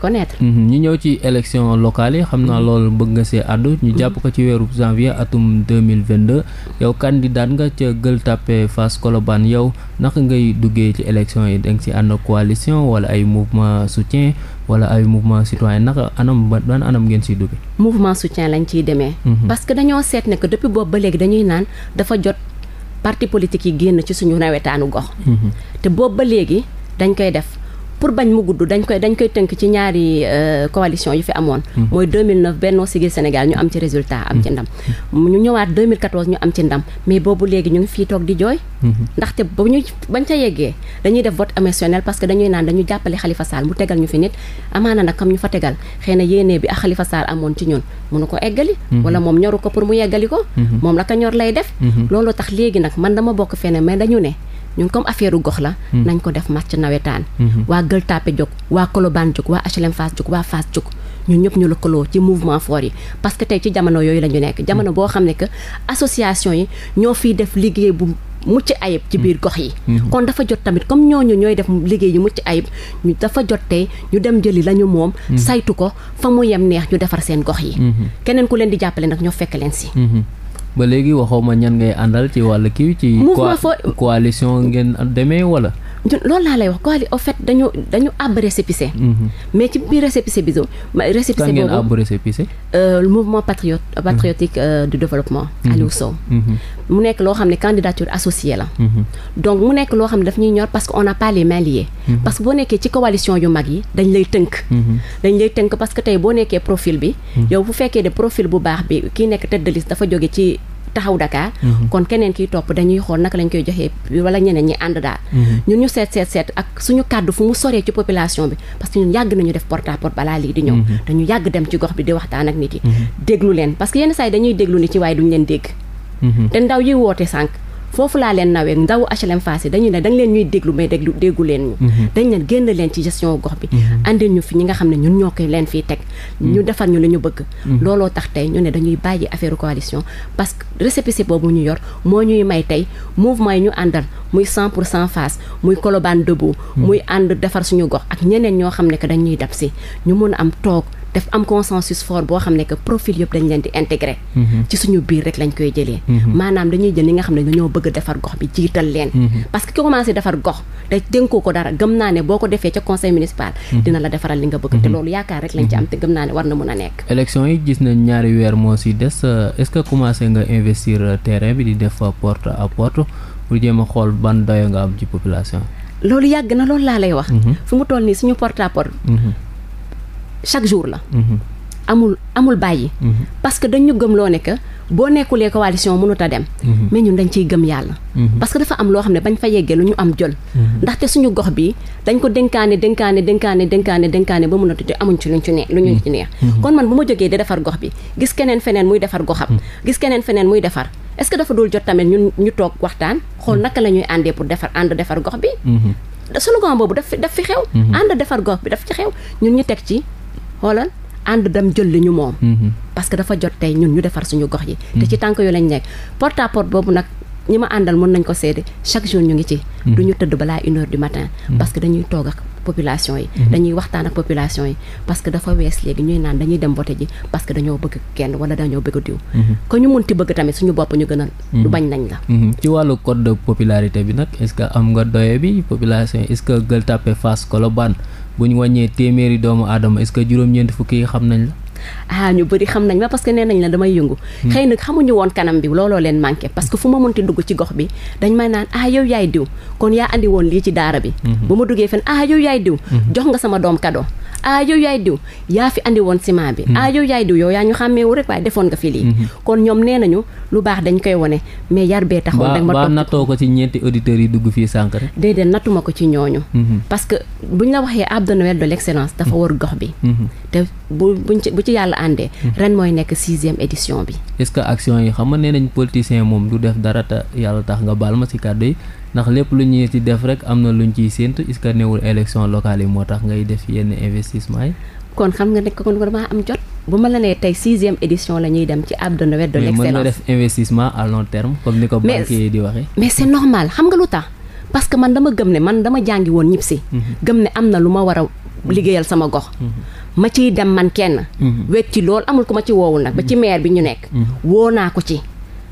dañ Gueule Tapée Fass Colobane yow naka ngay duggee ci élection yi da nga ci ànd coalition wala ay mouvement soutien wala ay mouvement citoyen naka anam ba daan anam ngeen ciy duggee. mouvement soutien lañ ciy demee. Mhm. parce que dañoo seet ne que depuis boobu ba léegi dañuy naan dafa jot parti politique yi génn ci suñu nawetaanu gox. Mhm. te boobu ba léegi dañ koy def. pour bañ mu gudd dañ koy dañ koy tënk ci ñaari euh, coalition yu fi amoon mm-hmm. mooy 2009 Benno Siggil Sénégal ñu am ci résultat am ci mm-hmm. ndam ñu ñëwaat 2014 ñu am ci ndam mais boobu léegi ñu ngi fii toog di jooy mm-hmm. ndaxte ba ñu bañ ca yeggee dañuy def vote émotionnel parce que dañuy naan dañu jàppale Khalifa Sall mu tegal ñu fi nit amaana nag kam ñu fa tegal xëy na yéene bi ak Khalifa Sall amoon ci ñun mënu ko eggali wala moom ñoru ko pour mu yeggali ko moom la ka ñor lay def loolu tax léegi nag man dama bokk feneen mais dañu ne ñun comme affaire gox la. Hmm. nañ ko def match nawetaan. Hmm. waa Gueule Tapée jóg waa Colobane jóg waa HLM Fass jóg waa Fass jóg ñu ñëpp ñu lëkkaloo ci mouvement fort yi parce que tey ci jamono yooyu la ñu nekk. jamono hmm. boo xam ne que association yi ñoo fiy def liggéey bu. mucc ayib ci biir gox yi kon dafa jot tamit comme ñooñu ñooy def liggéey yu mucc ayib ñu dafa jot tey ñu dem jëli la ñu moom saytu ko fa mu yem neex ñu defar seen gox yi keneen ku leen di jàppale nag ñoo fekk leen si ba léegi waxoo ma ñan ngay àndal ci wàll kii. ci coalition ngeen demee wala. loolu laa lay wax quoi au fait dañu dañu àbb récépissé. Mhm. mais ci biir récépissé bi boobu. récépissé boobu euh, mouvement euh, mhm. patriotique euh, du développement. Mhm. Aliou Sow. mu nekk loo xam ne candidature associée la. donc mu nekk loo xam ne daf ñuy ñor parce on n'a pas les mains liées. boo nekkee ci coalition yu mag yi dañ lay tënk. dañ lay tënk parce tey boo nekkee profil bi. yow bu fekkee ne profil bu baax bi kii nekk tête dafa jóge ci. taxaw Dakar. Mhm. kon keneen kiy topp dañuy xool naka lañ koy joxee wala ñeneen ñi ànd daal. Mhm. ñun ñu seet seet seet ak suñu kàddu fu mu soree ci population bi parce que ñun yàgg nañu def porte balaa lii di ñëw. Mhm. dañu yàgg dem ci gox bi di waxtaan ak nit yi. déglu leen parce que yenn saa yi dañuy déglu nit yi waaye duñu leen dégg. te ndaw yi woote sànq. foofu laa leen nawee ndaw HLM Fass yi dañu ne dañ leen ñuy déglu mais déglu ñu mhm. dañ leen génn leen ci gestion gox bi mhm. andi ñu fi ñi nga xam ne ñun ñoo koy leen fiy teg mhm. ñu defar ñu li ñu bëgg looloo tax tey ñu ne dañuy bàyyi affaire coalition parce que récépissé boobu ñu yor moo ñuy may tey mouvement yi ñu àndal muy 100 pour cent Fass muy Colobane Debout muy ànd defar suñu gox ak ñeneen ñoo xam ne que dañuy dab si ñu mun a am toog daf am consensus fort boo xam ne que profil yëpp dañ leen di intégré mhm. ci suñu biir rek lañ koy jëlee mhm. maanaam dañuy jël ñi nga xam ne dañoo bëgg defar gox bi jiital leen mhm. parce que defar gox te dénkoo ko dara gëm naa ne boo ko defee ca conseil municipal dina la defaral li nga bëgg te loolu yaakaar rek lañ ci am te gëm naa ne war na mun a nekk élection yi gis nañ ñaari weer moo si des euh, est-ce nga investir euh, terrain bi di def euh, porte à porte mu toll nii chaque jour la. Mhm. amul amul bàyyi. Mhm. parce que dañu gëm loo ne que boo nekkulee coalition mënut a dem. Mhm. mais ñun dañ ciy gëm yàlla. parce que dafa am loo xam ne bañ fa yeggee lu ñu am jël. ndaxte suñu gox bi dañ ko dénkaane dénkaane dénkaane dénkaane dénkaane ba mënatu amuñ ci luñ ci ne lu ñu ci neex. kon man bu ma jógee di defar gox bi gis keneen feneen muy defar goxam. gis keneen feneen muy defar. est-ce que dafa dul jot tamit ñu ñu toog waxtaan xool naka la ñuy àndee pour defar ànd defar gox bi. boobu daf fi daf fi xew. ànd defar gox bi daf ci xew ñun ñu teg ci xoolal ànd dam jël li ñu moom. Mhm. parce que dafa jot tey ñun ñu defar suñu gox yi. te ci mhm. tànk yu lañ nekk port à boobu nag ñi ma àndal mën nañ ko seede chaque jour ñu ngi ci. Mhm. du ñu tëdd balaa une heure du matin. parce dañuy toog ak population yi. dañuy waxtaan ak population yi parce que dafa wees léegi ñuy naan dañuy dem bote ji parce que dañoo bëgg kenn wala dañoo bëgg diw. ko ñu munti bëgg tamit suñu bopp ñu gën a. du bañ nañ la. ci wàllu code de bi nag est-ce am nga doye bi population est-ce que Gueule Tapée bu ñu wàññee téeméeri doomu aadama est-ce que juróom-ñeent fukki yi xam nañ la. ah ñu bëri xam nañ ma parce que nee nañ la damay yëngu. Hmm. xëy na xamuñu woon kanam bi looloo leen manqué parce que fu ma mënti dugg ci gox bi dañ may naan ah yow yaay diw kon yaa andi woon lii ci daara bi. Hmm. bu ma duggee fen ah yow yaay diw. Hmm. jox nga sama doom kado ah yow yaay diw yaa fi indi woon ciment bi hmm. ah yow yaay diw yaa ñu xàmmeewu rek waaye defoon nga fi lii hmm. kon ñoom nee nañu lu baax dañ koy wone mais yar bee taxoon rek ma topp ba nattoo ko ci ñeenti auditeurs yi dugg fii sànq rek déedéet nattuma ko ci ñooñu hmm. parce que buñ la waxee Abdou Noël de l'excellence dafa war gox bi te bu buñ bu ci yàlla àndee ren mooy nekk sixième édition bi est-ce que action yi xam nga nee nañ politicien moom du def dara te yàlla tax nga baal ma si kàddu yi ndax lépp lu ñuy ci def rek am na luñ ciy séentu est newul élection locale yi moo tax ngay def yenn investissement yi. kon xam nga ne kon vraiment am jot bu ma la nee tey sixième def investissement à long terme mais c'est normal xam nga lu tax parce man dama gëm ne man dama jàngi woon mhm. gëm ne am na lu ma war a mhm. liggéeyal sama gox. Mhm. ma ciy dem man kenn. wet ci loolu amul ku ma ci woowul nag. ba ci maire bi ñu nekk. woo naa ko ci.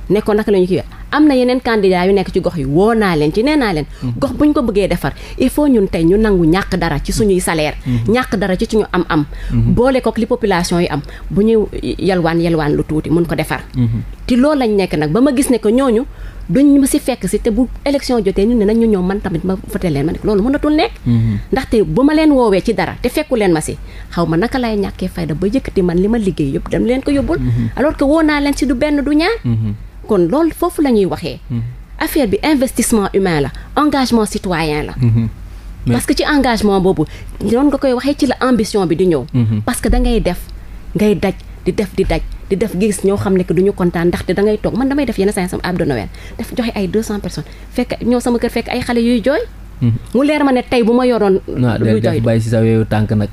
ne ko naka la ñu kii am na yeneen candidat yu nekk ci gox yi woo naa leen ci nee naa leen. Mhm. bu ñu ko bëggee defar il faut ñun tey ñu nangu ñàkk dara ci suñuy salaire. Mhm. ñàkk dara ci suñu am-am. Mhm. boole kook li population yi am bu ñuy yalwaan yalwaan lu tuuti mun ko defar. te loolu lañ nekk nag ba ma gis ne ko ñooñu. duñ ma si fekk si te bu élection jotee ñu ne nañ ñu ñoom man tamit ma voté leen ma ne loolu mënatul nekk. ndaxte bu ma leen woowee ci dara te fekku leen ma si xaw ma naka lay ñàkkee fayda ba yëkkati man li ma liggéey yëpp dem leen ko yóbbul. alors que woo naa leen si du benn du ñaar. kon loolu foofu la ñuy waxee. Mm-hmm. affaire bi investissement humain la engagement citoyen la. Mm-hmm. parce que ci engagement boobu noonu nga koy waxee ci la ambition bi di ñëw. Mm-hmm. parce que da ngay def ngay daj di def di daj di def gis ñoo xam ne que ñu kontaan ndaxte da ngay toog man damay def yenn saa sama ab de Noël def joxe ay 200 personnes fekk ñoo sama kër fekk ay xale yuy jooy. mu leer ma ne tey bu ma yoroon. lu jooy bàyyi si sa weewu tànk nag.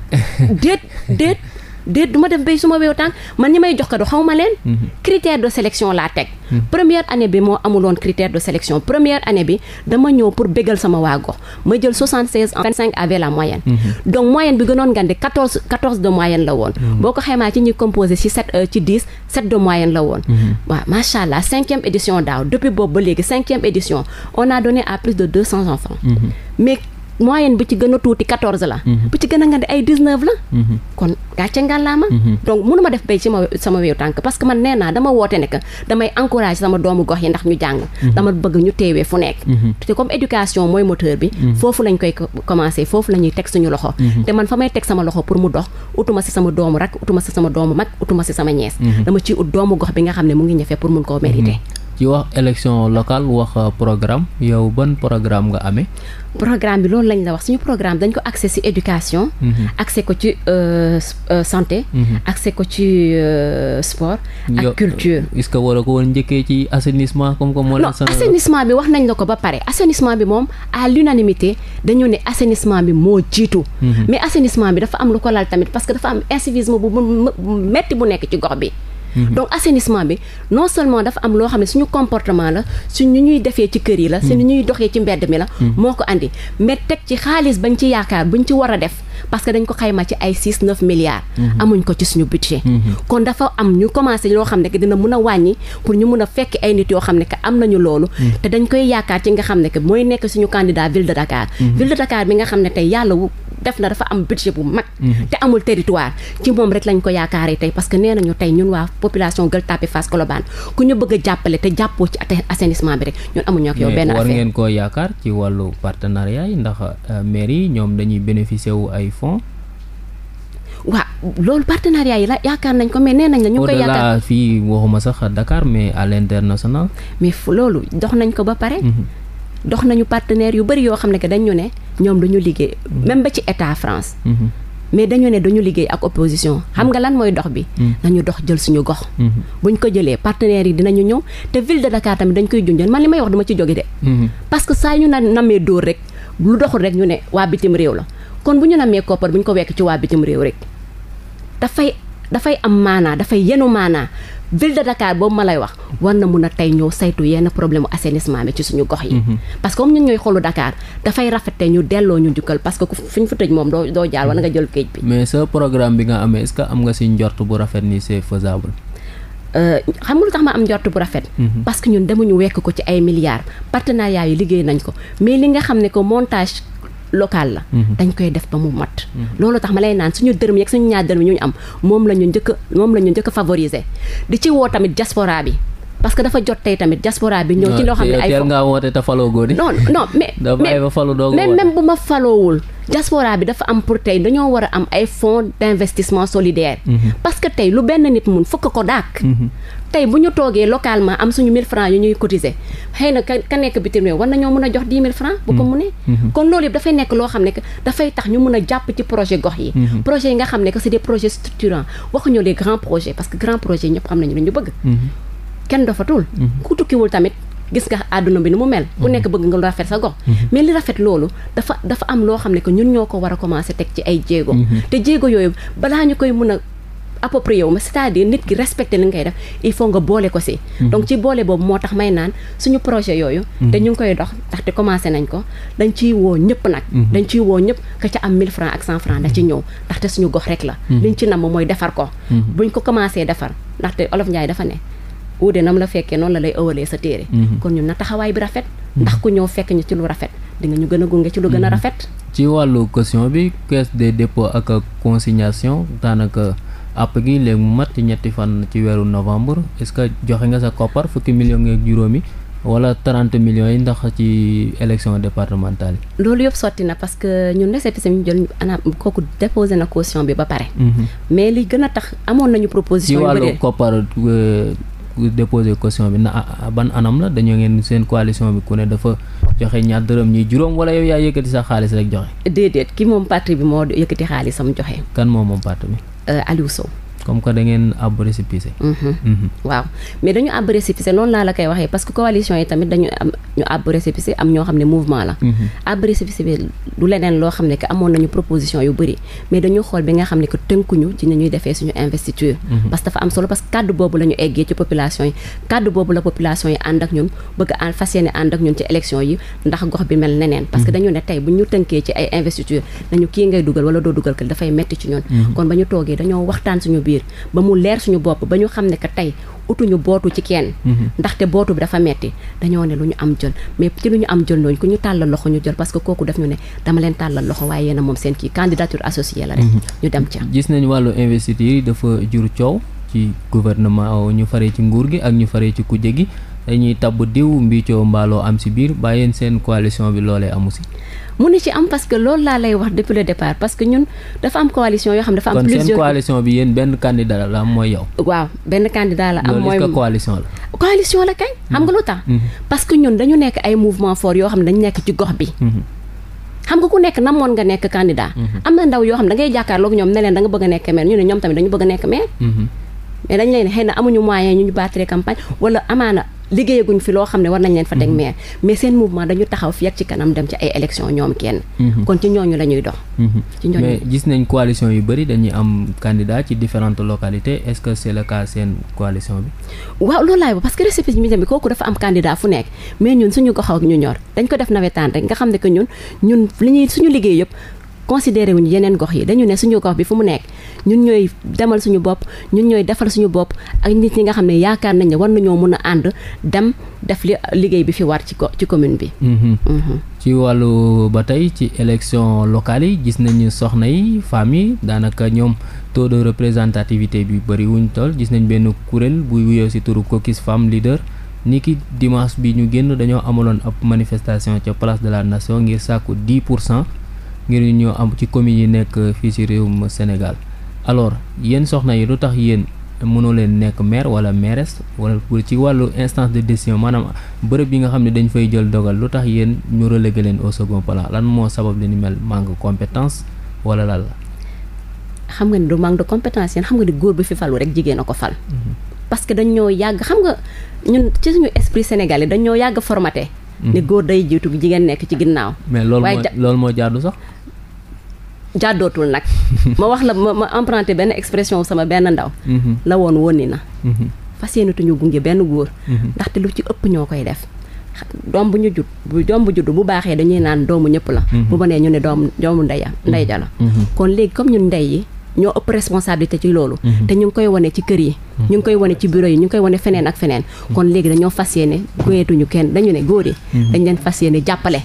déet [laughs] déet du ma dem béy su ma weew tànk man ñi may jox kado xaw ma leen mhm. critère de sélection laa teg mhm. première année bi moo amuloon critère de sélection première année bi dama ñëw pour bégal sama waa gox ma jël 76 en 25 avec la moyenne mhm. donc moyenne bi gënoon ngande 14 14 de moyenne la woon boo ko xaymaa ci ñuy composé ci 7 euh, ci 10 7 de moyenne la woon waaw macha allah cinquième édition daaw depuis boobu ba léegi cinquième édition on a donné à plus de 200 enfants moyenne bi ci gën a tuuti quatorze la. Mhm. bi ci gën a ngandi ay dix-neuf la. Mhm. kon gàcce ngàllaama. Mhm. donc mënuma def béy ci ma sama wéyu tànk parce que man nee naa dama woote ne que damay encourager sama doomu gox yi ndax ñu jàng. dama bëgg ñu teewee fu nekk. te comme éducation mooy moteur bi. foofu lañ koy commencer foofu la ñuy teg suñu loxo. te man fa may teg sama loxo pour mu dox utuma si sama doomu rak utuma si sama doomu mag utuma si sama ñees. dama ciy ut doomu gox bi nga xam ne mu ngi ñëfe pour mun koo mériter. ci wax élection locale wax euh, programme yow ban programme nga amee. programme bi loolu lañ la wax suñu programme dañ ko axé ci éducation. Mhm. axé ko ci euh, euh, santé. Mhm. axé ko ci sport. ak culture est-ce que war a ko woon njëkkee ci assainissement comme comme. bi wax nañ la ko ba pare assainissement bi moom à l'unanimité dañu ne assainissement bi moo jiitu. Mhm. mais assainissement bi dafa am lu ko laal tamit parce que dafa am incivisme bu metti bu nekk ci gox bi. Mm-hmm. donc assainissement bi non seulement dafa am loo xam ne suñu comportement la suñu ñuy defee ci kër yi la suñu mm-hmm. ñuy doxee ci mbedd mi la mm-hmm. moo ko indi mais teg ci xaalis bañ ci yaakaar buñ ci war a def parce que dañ ko xayma ci ay six neuf milliards amuñ ko ci suñu budget kon dafa am ñu commencé loo xam ne que dina mun a wàññi pour ñu mun a fekk ay nit yoo xam ne que am nañu loolu te dañ koy yaakaar ci nga xam ne que mooy nekk suñu candidat ville de Dakar nga xam ne tey yàlla def na dafa am budget bu mag. Mhm. te amul territoire ci moom rek lañ ko yaakaaree tey parce que nee nañu tey ñun waa population Gueule Tapée Fass Colobane ku ñu bëgg a jàppale te jàppoo ci assainissement bi rek ñun amuñu ak yow. benn yaakaar ci wàllu partenariat yi ndax euh, maire yi ñoom dañuy bénéficier wu ay fonds. waaw loolu partenariat yi la yaakaar nañ ko mais nee nañ la ñu ngi koy yaakaar fii waxuma sax Dakar mais à l'international mais loolu dox nañ ko ba pare. Mhm. dox nañu partenaires yu bëri yoo xam ne que dañu ne ñoom dañu liggéey mhm. même ba ci état France mhm. mais dañu ne dañu liggéey ak opposition xam nga lan mooy dox bi mhm. nañu dox jël suñu gox bu ñu ko jëlee partenaires yi dinañu ñëw te ville de Dakar tamit dañ koy junjoon man li may wax dama ci jóge de parce que saa ñu na namee dóor rek lu doxul rek ñu ne waa bitim réew la kon bu ñu namee koppar bu ñu ko wekk ci waa bitim réew rek dafay dafay am maanaa dafay yenu maanaa ville de Dakar boobu ma lay wax war na mun a tey ñëw saytu yenn problème assainissement bi ci suñu gox yi. Mhm. parce que comme ñun ñooy xoolu Dakar dafay rafet te ñu delloo ñu jukkal parce que fi ñu fa moom doo doo jaar wala nga jël géej bi. mais sa programme bi nga amee est-ce am nga si njort bu rafet ni c'est faisable. Euh, xam nga lu tax ma am njort bu rafet. Mhm. parce que ñun demuñu wekk ko ci ay milliards partenariat yi liggéey nañ ko mais li nga xam ne que montage. local la. Mhm. dañ koy def ba mu mat. Mhm. loolu tax ma lay naan suñu dërëm yeeg suñu ñaar dërëm ñu am moom la ñu njëkk moom la ñu njëkk favoriser di ci woo tamit diaspora bi. parce que dafa jot tey tamit diaspora bi ñëw ci loo xam ne ay teel doo woote te faloo góor [laughs] bu ma faloowul diaspora bi dafa am pour tey dañoo war a am ay fonds investissement solidaire mhm. parce que tey lu benn nit mun fukk ko daak mhm. tey bu ñu toogee localement am suñu 1000 francs yu ñuy cotiser xëy na ka ka nekk bitim réew war ñoo mën a jox 10 000 francs bu ko mhm. mu nee kon loolu yëpp dafay nekk loo xam ne que dafay tax ñu mën a jàpp ci projet gox yi projet yi nga xam ne que c'est des projets structurants waxuñu que grands projets yi ñëpp xam nañu lu ñu kenn dofatul mhm. ku tukkiwul tamit gis nga àdduna bi ni mu mel bu mhm. nekk bëgg nga lu rafet sa gox mhm. mais li rafet loolu dafa dafa am loo xam ne que ñun ñoo ko war a commencé teg ci ay jéego te jéego yooyu balaa ñu koy mun a approprié wu ma cest à nit ki respecté li nga koy def il faut nga boole ko si donc ci boole boobu moo tax may naan suñu projet yooyu te ñu ngi koy dox ndaxte commencé nañ ko dañ ciy woo ñëpp nag dañ ciy woo ñëpp ka ca am 1000 francs ak 100 francs da ñëw ndaxte suñu gox rek la liñ ci namm mooy defar ko buñ ko commencé defar ndaxte olof Njaay dafa ne uude nam la fekkee noonu la lay ëwalee sa téere mhm. kon ñun na taxawaay bi rafet mhm. ndax ku ñëw fekk ñu ci lu rafet di ñu gën a gunge ci lu gën a mhm. rafet ci wàllu caution bi caisse de dépôts ak consignation daanaka àpp gi léegi mu mat ci ñetti fan ci weeru novembre est-ce que joxe nga sa koppar fukki millions ak juróomi wala 30 million yi ndax ci élection départementale yi. loolu yëpp sotti na parce que ñun récépissé bi ñu jël ana kooku déposé na caution bi ba pare. mais li gën a déposé caution bi na ban anam la dañoo ngeen seen coalition bi ku ne dafa joxe ñaar dërëm ñuy juróom wala yow yaa yëkkati sa xaalis rek joxe. déedéet ki moom parti bi moo yëkkati sam joxe. kan moom moom parti bi. Euh, Aliou Sow. comme que da àbb récépissé. Mhm. Mhm. noonu laa la koy waxee parce coalition yi tamit dañu am ñu àbb récépissé am ñoo xam ne mouvement la. àbb mhm. récépissé bi du leneen loo xam ne que amoon nañu proposition yu bëri mais dañu xool bi nga xam ne que tënkuñu ci ni ñuy defee suñu investiture. parce dafa am solo parce que boobu la eggee ci population yi kàddu boobu la population yi ànd ak ñun bëgg a ànd ak ñun ci élection yi ndax gox bi mel neneen. parce biir ba mu leer suñu bopp ba ñu xam ne que tey utuñu bootu ci kenn mhm. ndaxte bootu bi dafa metti dañoo ne lu ñu am jël mais ci lu ñu am jël nooñu ku ñu tàllal loxo ñu jël parce que kooku def ñu ne dama leen tàllal loxo waaye yéen a moom seen kii candidature associée la rek mhm. ñu dem ca gis nañu wàllu investiture yi dafa jur coow ci gouvernement ñu faree ci nguur gi ak ñu faree ci kujje gi dañuy tabb diw mbiicoo mbaaloo am si biir bàyyeen seen coalition bi loolee amu mënu ci am parce que loolu laa lay wax depuis le départ parce que ñun dafa am coalition yoo xam dafa am. coalition bi yéen benn candidat la am mooy yow. waaw benn candidat la am mooy loolu xam nga mhm. Mhm. dañu nekk ay mouvement fort yoo xam ne dañu nekk ci gox bi. Mhm. xam nga ku nekk namoon nga nekk candidat. am na ndaw yoo xam ne da ngay ñoom ne leen bëgg a nekk maire ñu ne ñoom tamit dañu bëgg a nekk maire. mais dañu leen xëy na amuñu moyen ñu ñu battre campagne liggéeyaguñ fi loo xam ne war nañ leen fa teg mhm. mais mais seen mouvement dañu taxaw fi ak ci kanam dem ci ay élection ñoom kenn mhm. kon ci ñooñu la ñuy dox mhm. ci ñooñu mais gis nañ coalition yu bëri dañuy am candidat ci différentes localités est-ce que c'est le cas seen coalition bi waaw loolu laay ba parce que récépissé bi tamit kooku dafa am candidat fu nekk mais ñun suñu gox ak ñu ñor dañ ko def nawetaan rek nga xam ne que ñun ñun li ñuy suñu liggéey yëpp considéré wuñu yeneen gox yi dañu ne suñu gox bi fu mu nekk ñun ñooy demal suñu bopp ñun ñooy defal suñu bopp ak nit ñi nga xam ne yaakaar nañ ne war nañoo mën a ànd dem def li liggéey bi fi war ci ci commune bi. Mhm. Mhm. ci wàllu ba tey ci élection locale yi gis nañu soxna yi femmes yi daanaka ñoom taux de représentativité bi bëri wuñ toll gis nañ benn kuréel buy wuyoo si turu kokis femme leader. ni ki dimanche bi ñu génn dañoo amaloon ab manifestation ca place de la nation ngir sàkku 10 pour cent ngir ñu am ci communes yi nekk fii ci réewum Sénégal alors yéen soxna yi lu tax yéen mënoo leen nekk maire wala mairesse wala pour ci wàllu instance de décision maanaam bërëb yi nga xam ne dañ fay jël dogal lu tax yéen ñu relégué leen au second plan lan moo sabab li ni mel manque compétence wala lan xam nga ni du manque de compétence yéen xam nga ni góor bi fi falu rek jigéen a ko fal. Mhm. parce que dañ ñoo yàgg xam nga ñu ci suñu esprit sénégalais dañ ñoo yàgg formaté. ne góor day jiitu jigéen nekk ci ginnaaw. mais loolu moo loolu moo jaadu sax. jàddootul nag [laughs] ma wax la ma ma emprunté benn expression sama benn ndaw. Mhm. la woon wóni na. Mhm. fas yéenetuñu gunge benn góor. Mhm. ndaxte lu ci ëpp ñoo koy def. doom bu ñu jud bu doom bu bu baaxee dañuy naan doomu ñëpp la. bu ma nee ñu ne doomu doomu ndeya ndey ja la. kon léegi comme ñun ndey yi ñoo ëpp responsabilité ci loolu mhm. te ñu ngi koy wane ci kër yi mhm. ñu ngi koy wane ci bureau yi ñu ngi koy wane feneen ak feneen mhm. kon léegi dañoo fas yéene goyeetuñu kenn dañu ne góor yi dañ leen fas yéene jàppale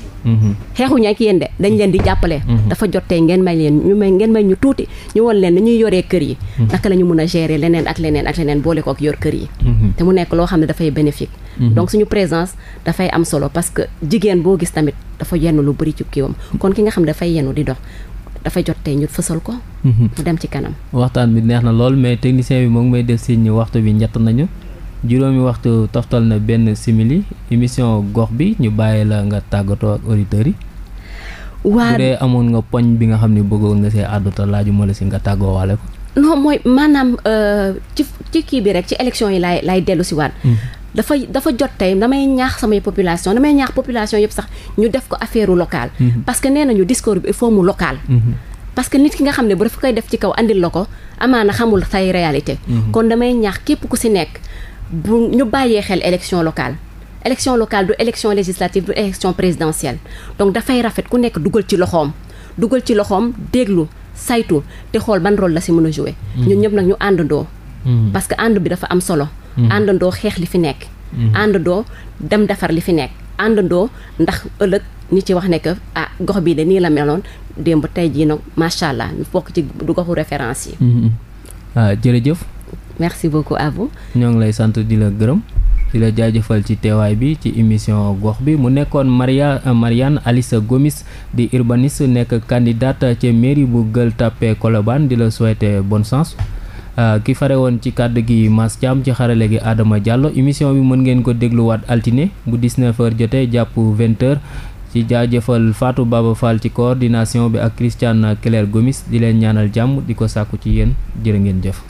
xeexuñu ak yéen dañ leen di jàppale dafa jottee ngeen may leen ñu may ngeen may ñu tuuti ñu woon leen nañuy yoree kër yi naka lañu ñu mun a gérer leneen ak leneen ak leneen boole ko ak yor kër yi te mu nekk loo xam ne dafay bénéfique donc suñu présence dafay am solo parce que jigéen boo gis tamit dafa yenn lu bëri ci kiiwam kon ki nga xam ne dafay yenn di dox dafa jot tey ñu fësal ko. Mhm. mu dem ci kanam. waxtaan bi neex na lool mais technicien bi moom may def si ñu waxtu bi njett nañu juróomi waxtu toftal na benn simili émission gox bi ñu bàyyi la nga tàggatoo ak auditeurs yi. waa bu dee amoon nga poñ bi nga xam ne bëggoon nga see àddu te laajuma la si nga tàggoo wale ko. non mooy maanaam euh, ci ci kii bi rek ci élection yi laay laay dellu si waat. Mhm. dafay dafa jot tey damay ñaax samay population damay ñaax population yëpp sax ñu def ko affaire locale mhm. parce que nee nañu discours bi il faut mu local mhm. parce que nit ki nga xam ne bu dafa koy def ci kaw andil la ko amaana xamul say réalité mhm. kon damay ñaax képp ku si nekk bu ñu bàyyee xel élection locale élection locale du élection législative du élection présidentielle donc dafay rafet ku nekk dugal ci loxoom dugal ci loxoom déglu saytu te xool ban rôle la si mën a jouer ñun ñëpp nag ñu àndandoo parce que ànd bi dafa am solo Mm-hmm. àndandoo xeex li fi nekk mm-hmm. àndandoo dem defar li fi nekk àndandoo ndax ëllëg ñi ci wax ne que ah gox bii de nii la meloon démb tey jii nag macha allah ñu bokk ci du goxu référence yi mm-hmm. ah jërëjëf merci beaucoup Abou ñoo ngi lay sant di la gërëm di la jaajëfal ci teewaay bi ci émission gox bi mu nekkoon Maria euh, Mariane Alice Gomis di urbaniste nekk candidate ci mairie bu Gueule Tapée Colobane di la souhaiter bonne chance Euh, ki fare woon ci kàddu gi Mass Thiam ci xarale gi Adama Diallo émission bi mën ngeen ko dégluwaat altine bu 19h jotee jàpp 20h ci jaajëfal faatu Baba Fall ci coordination bi ak Christiane Claire Gomis di leen ñaanal jàmm di ko sàkku ci yéen jërë ngeen jëf.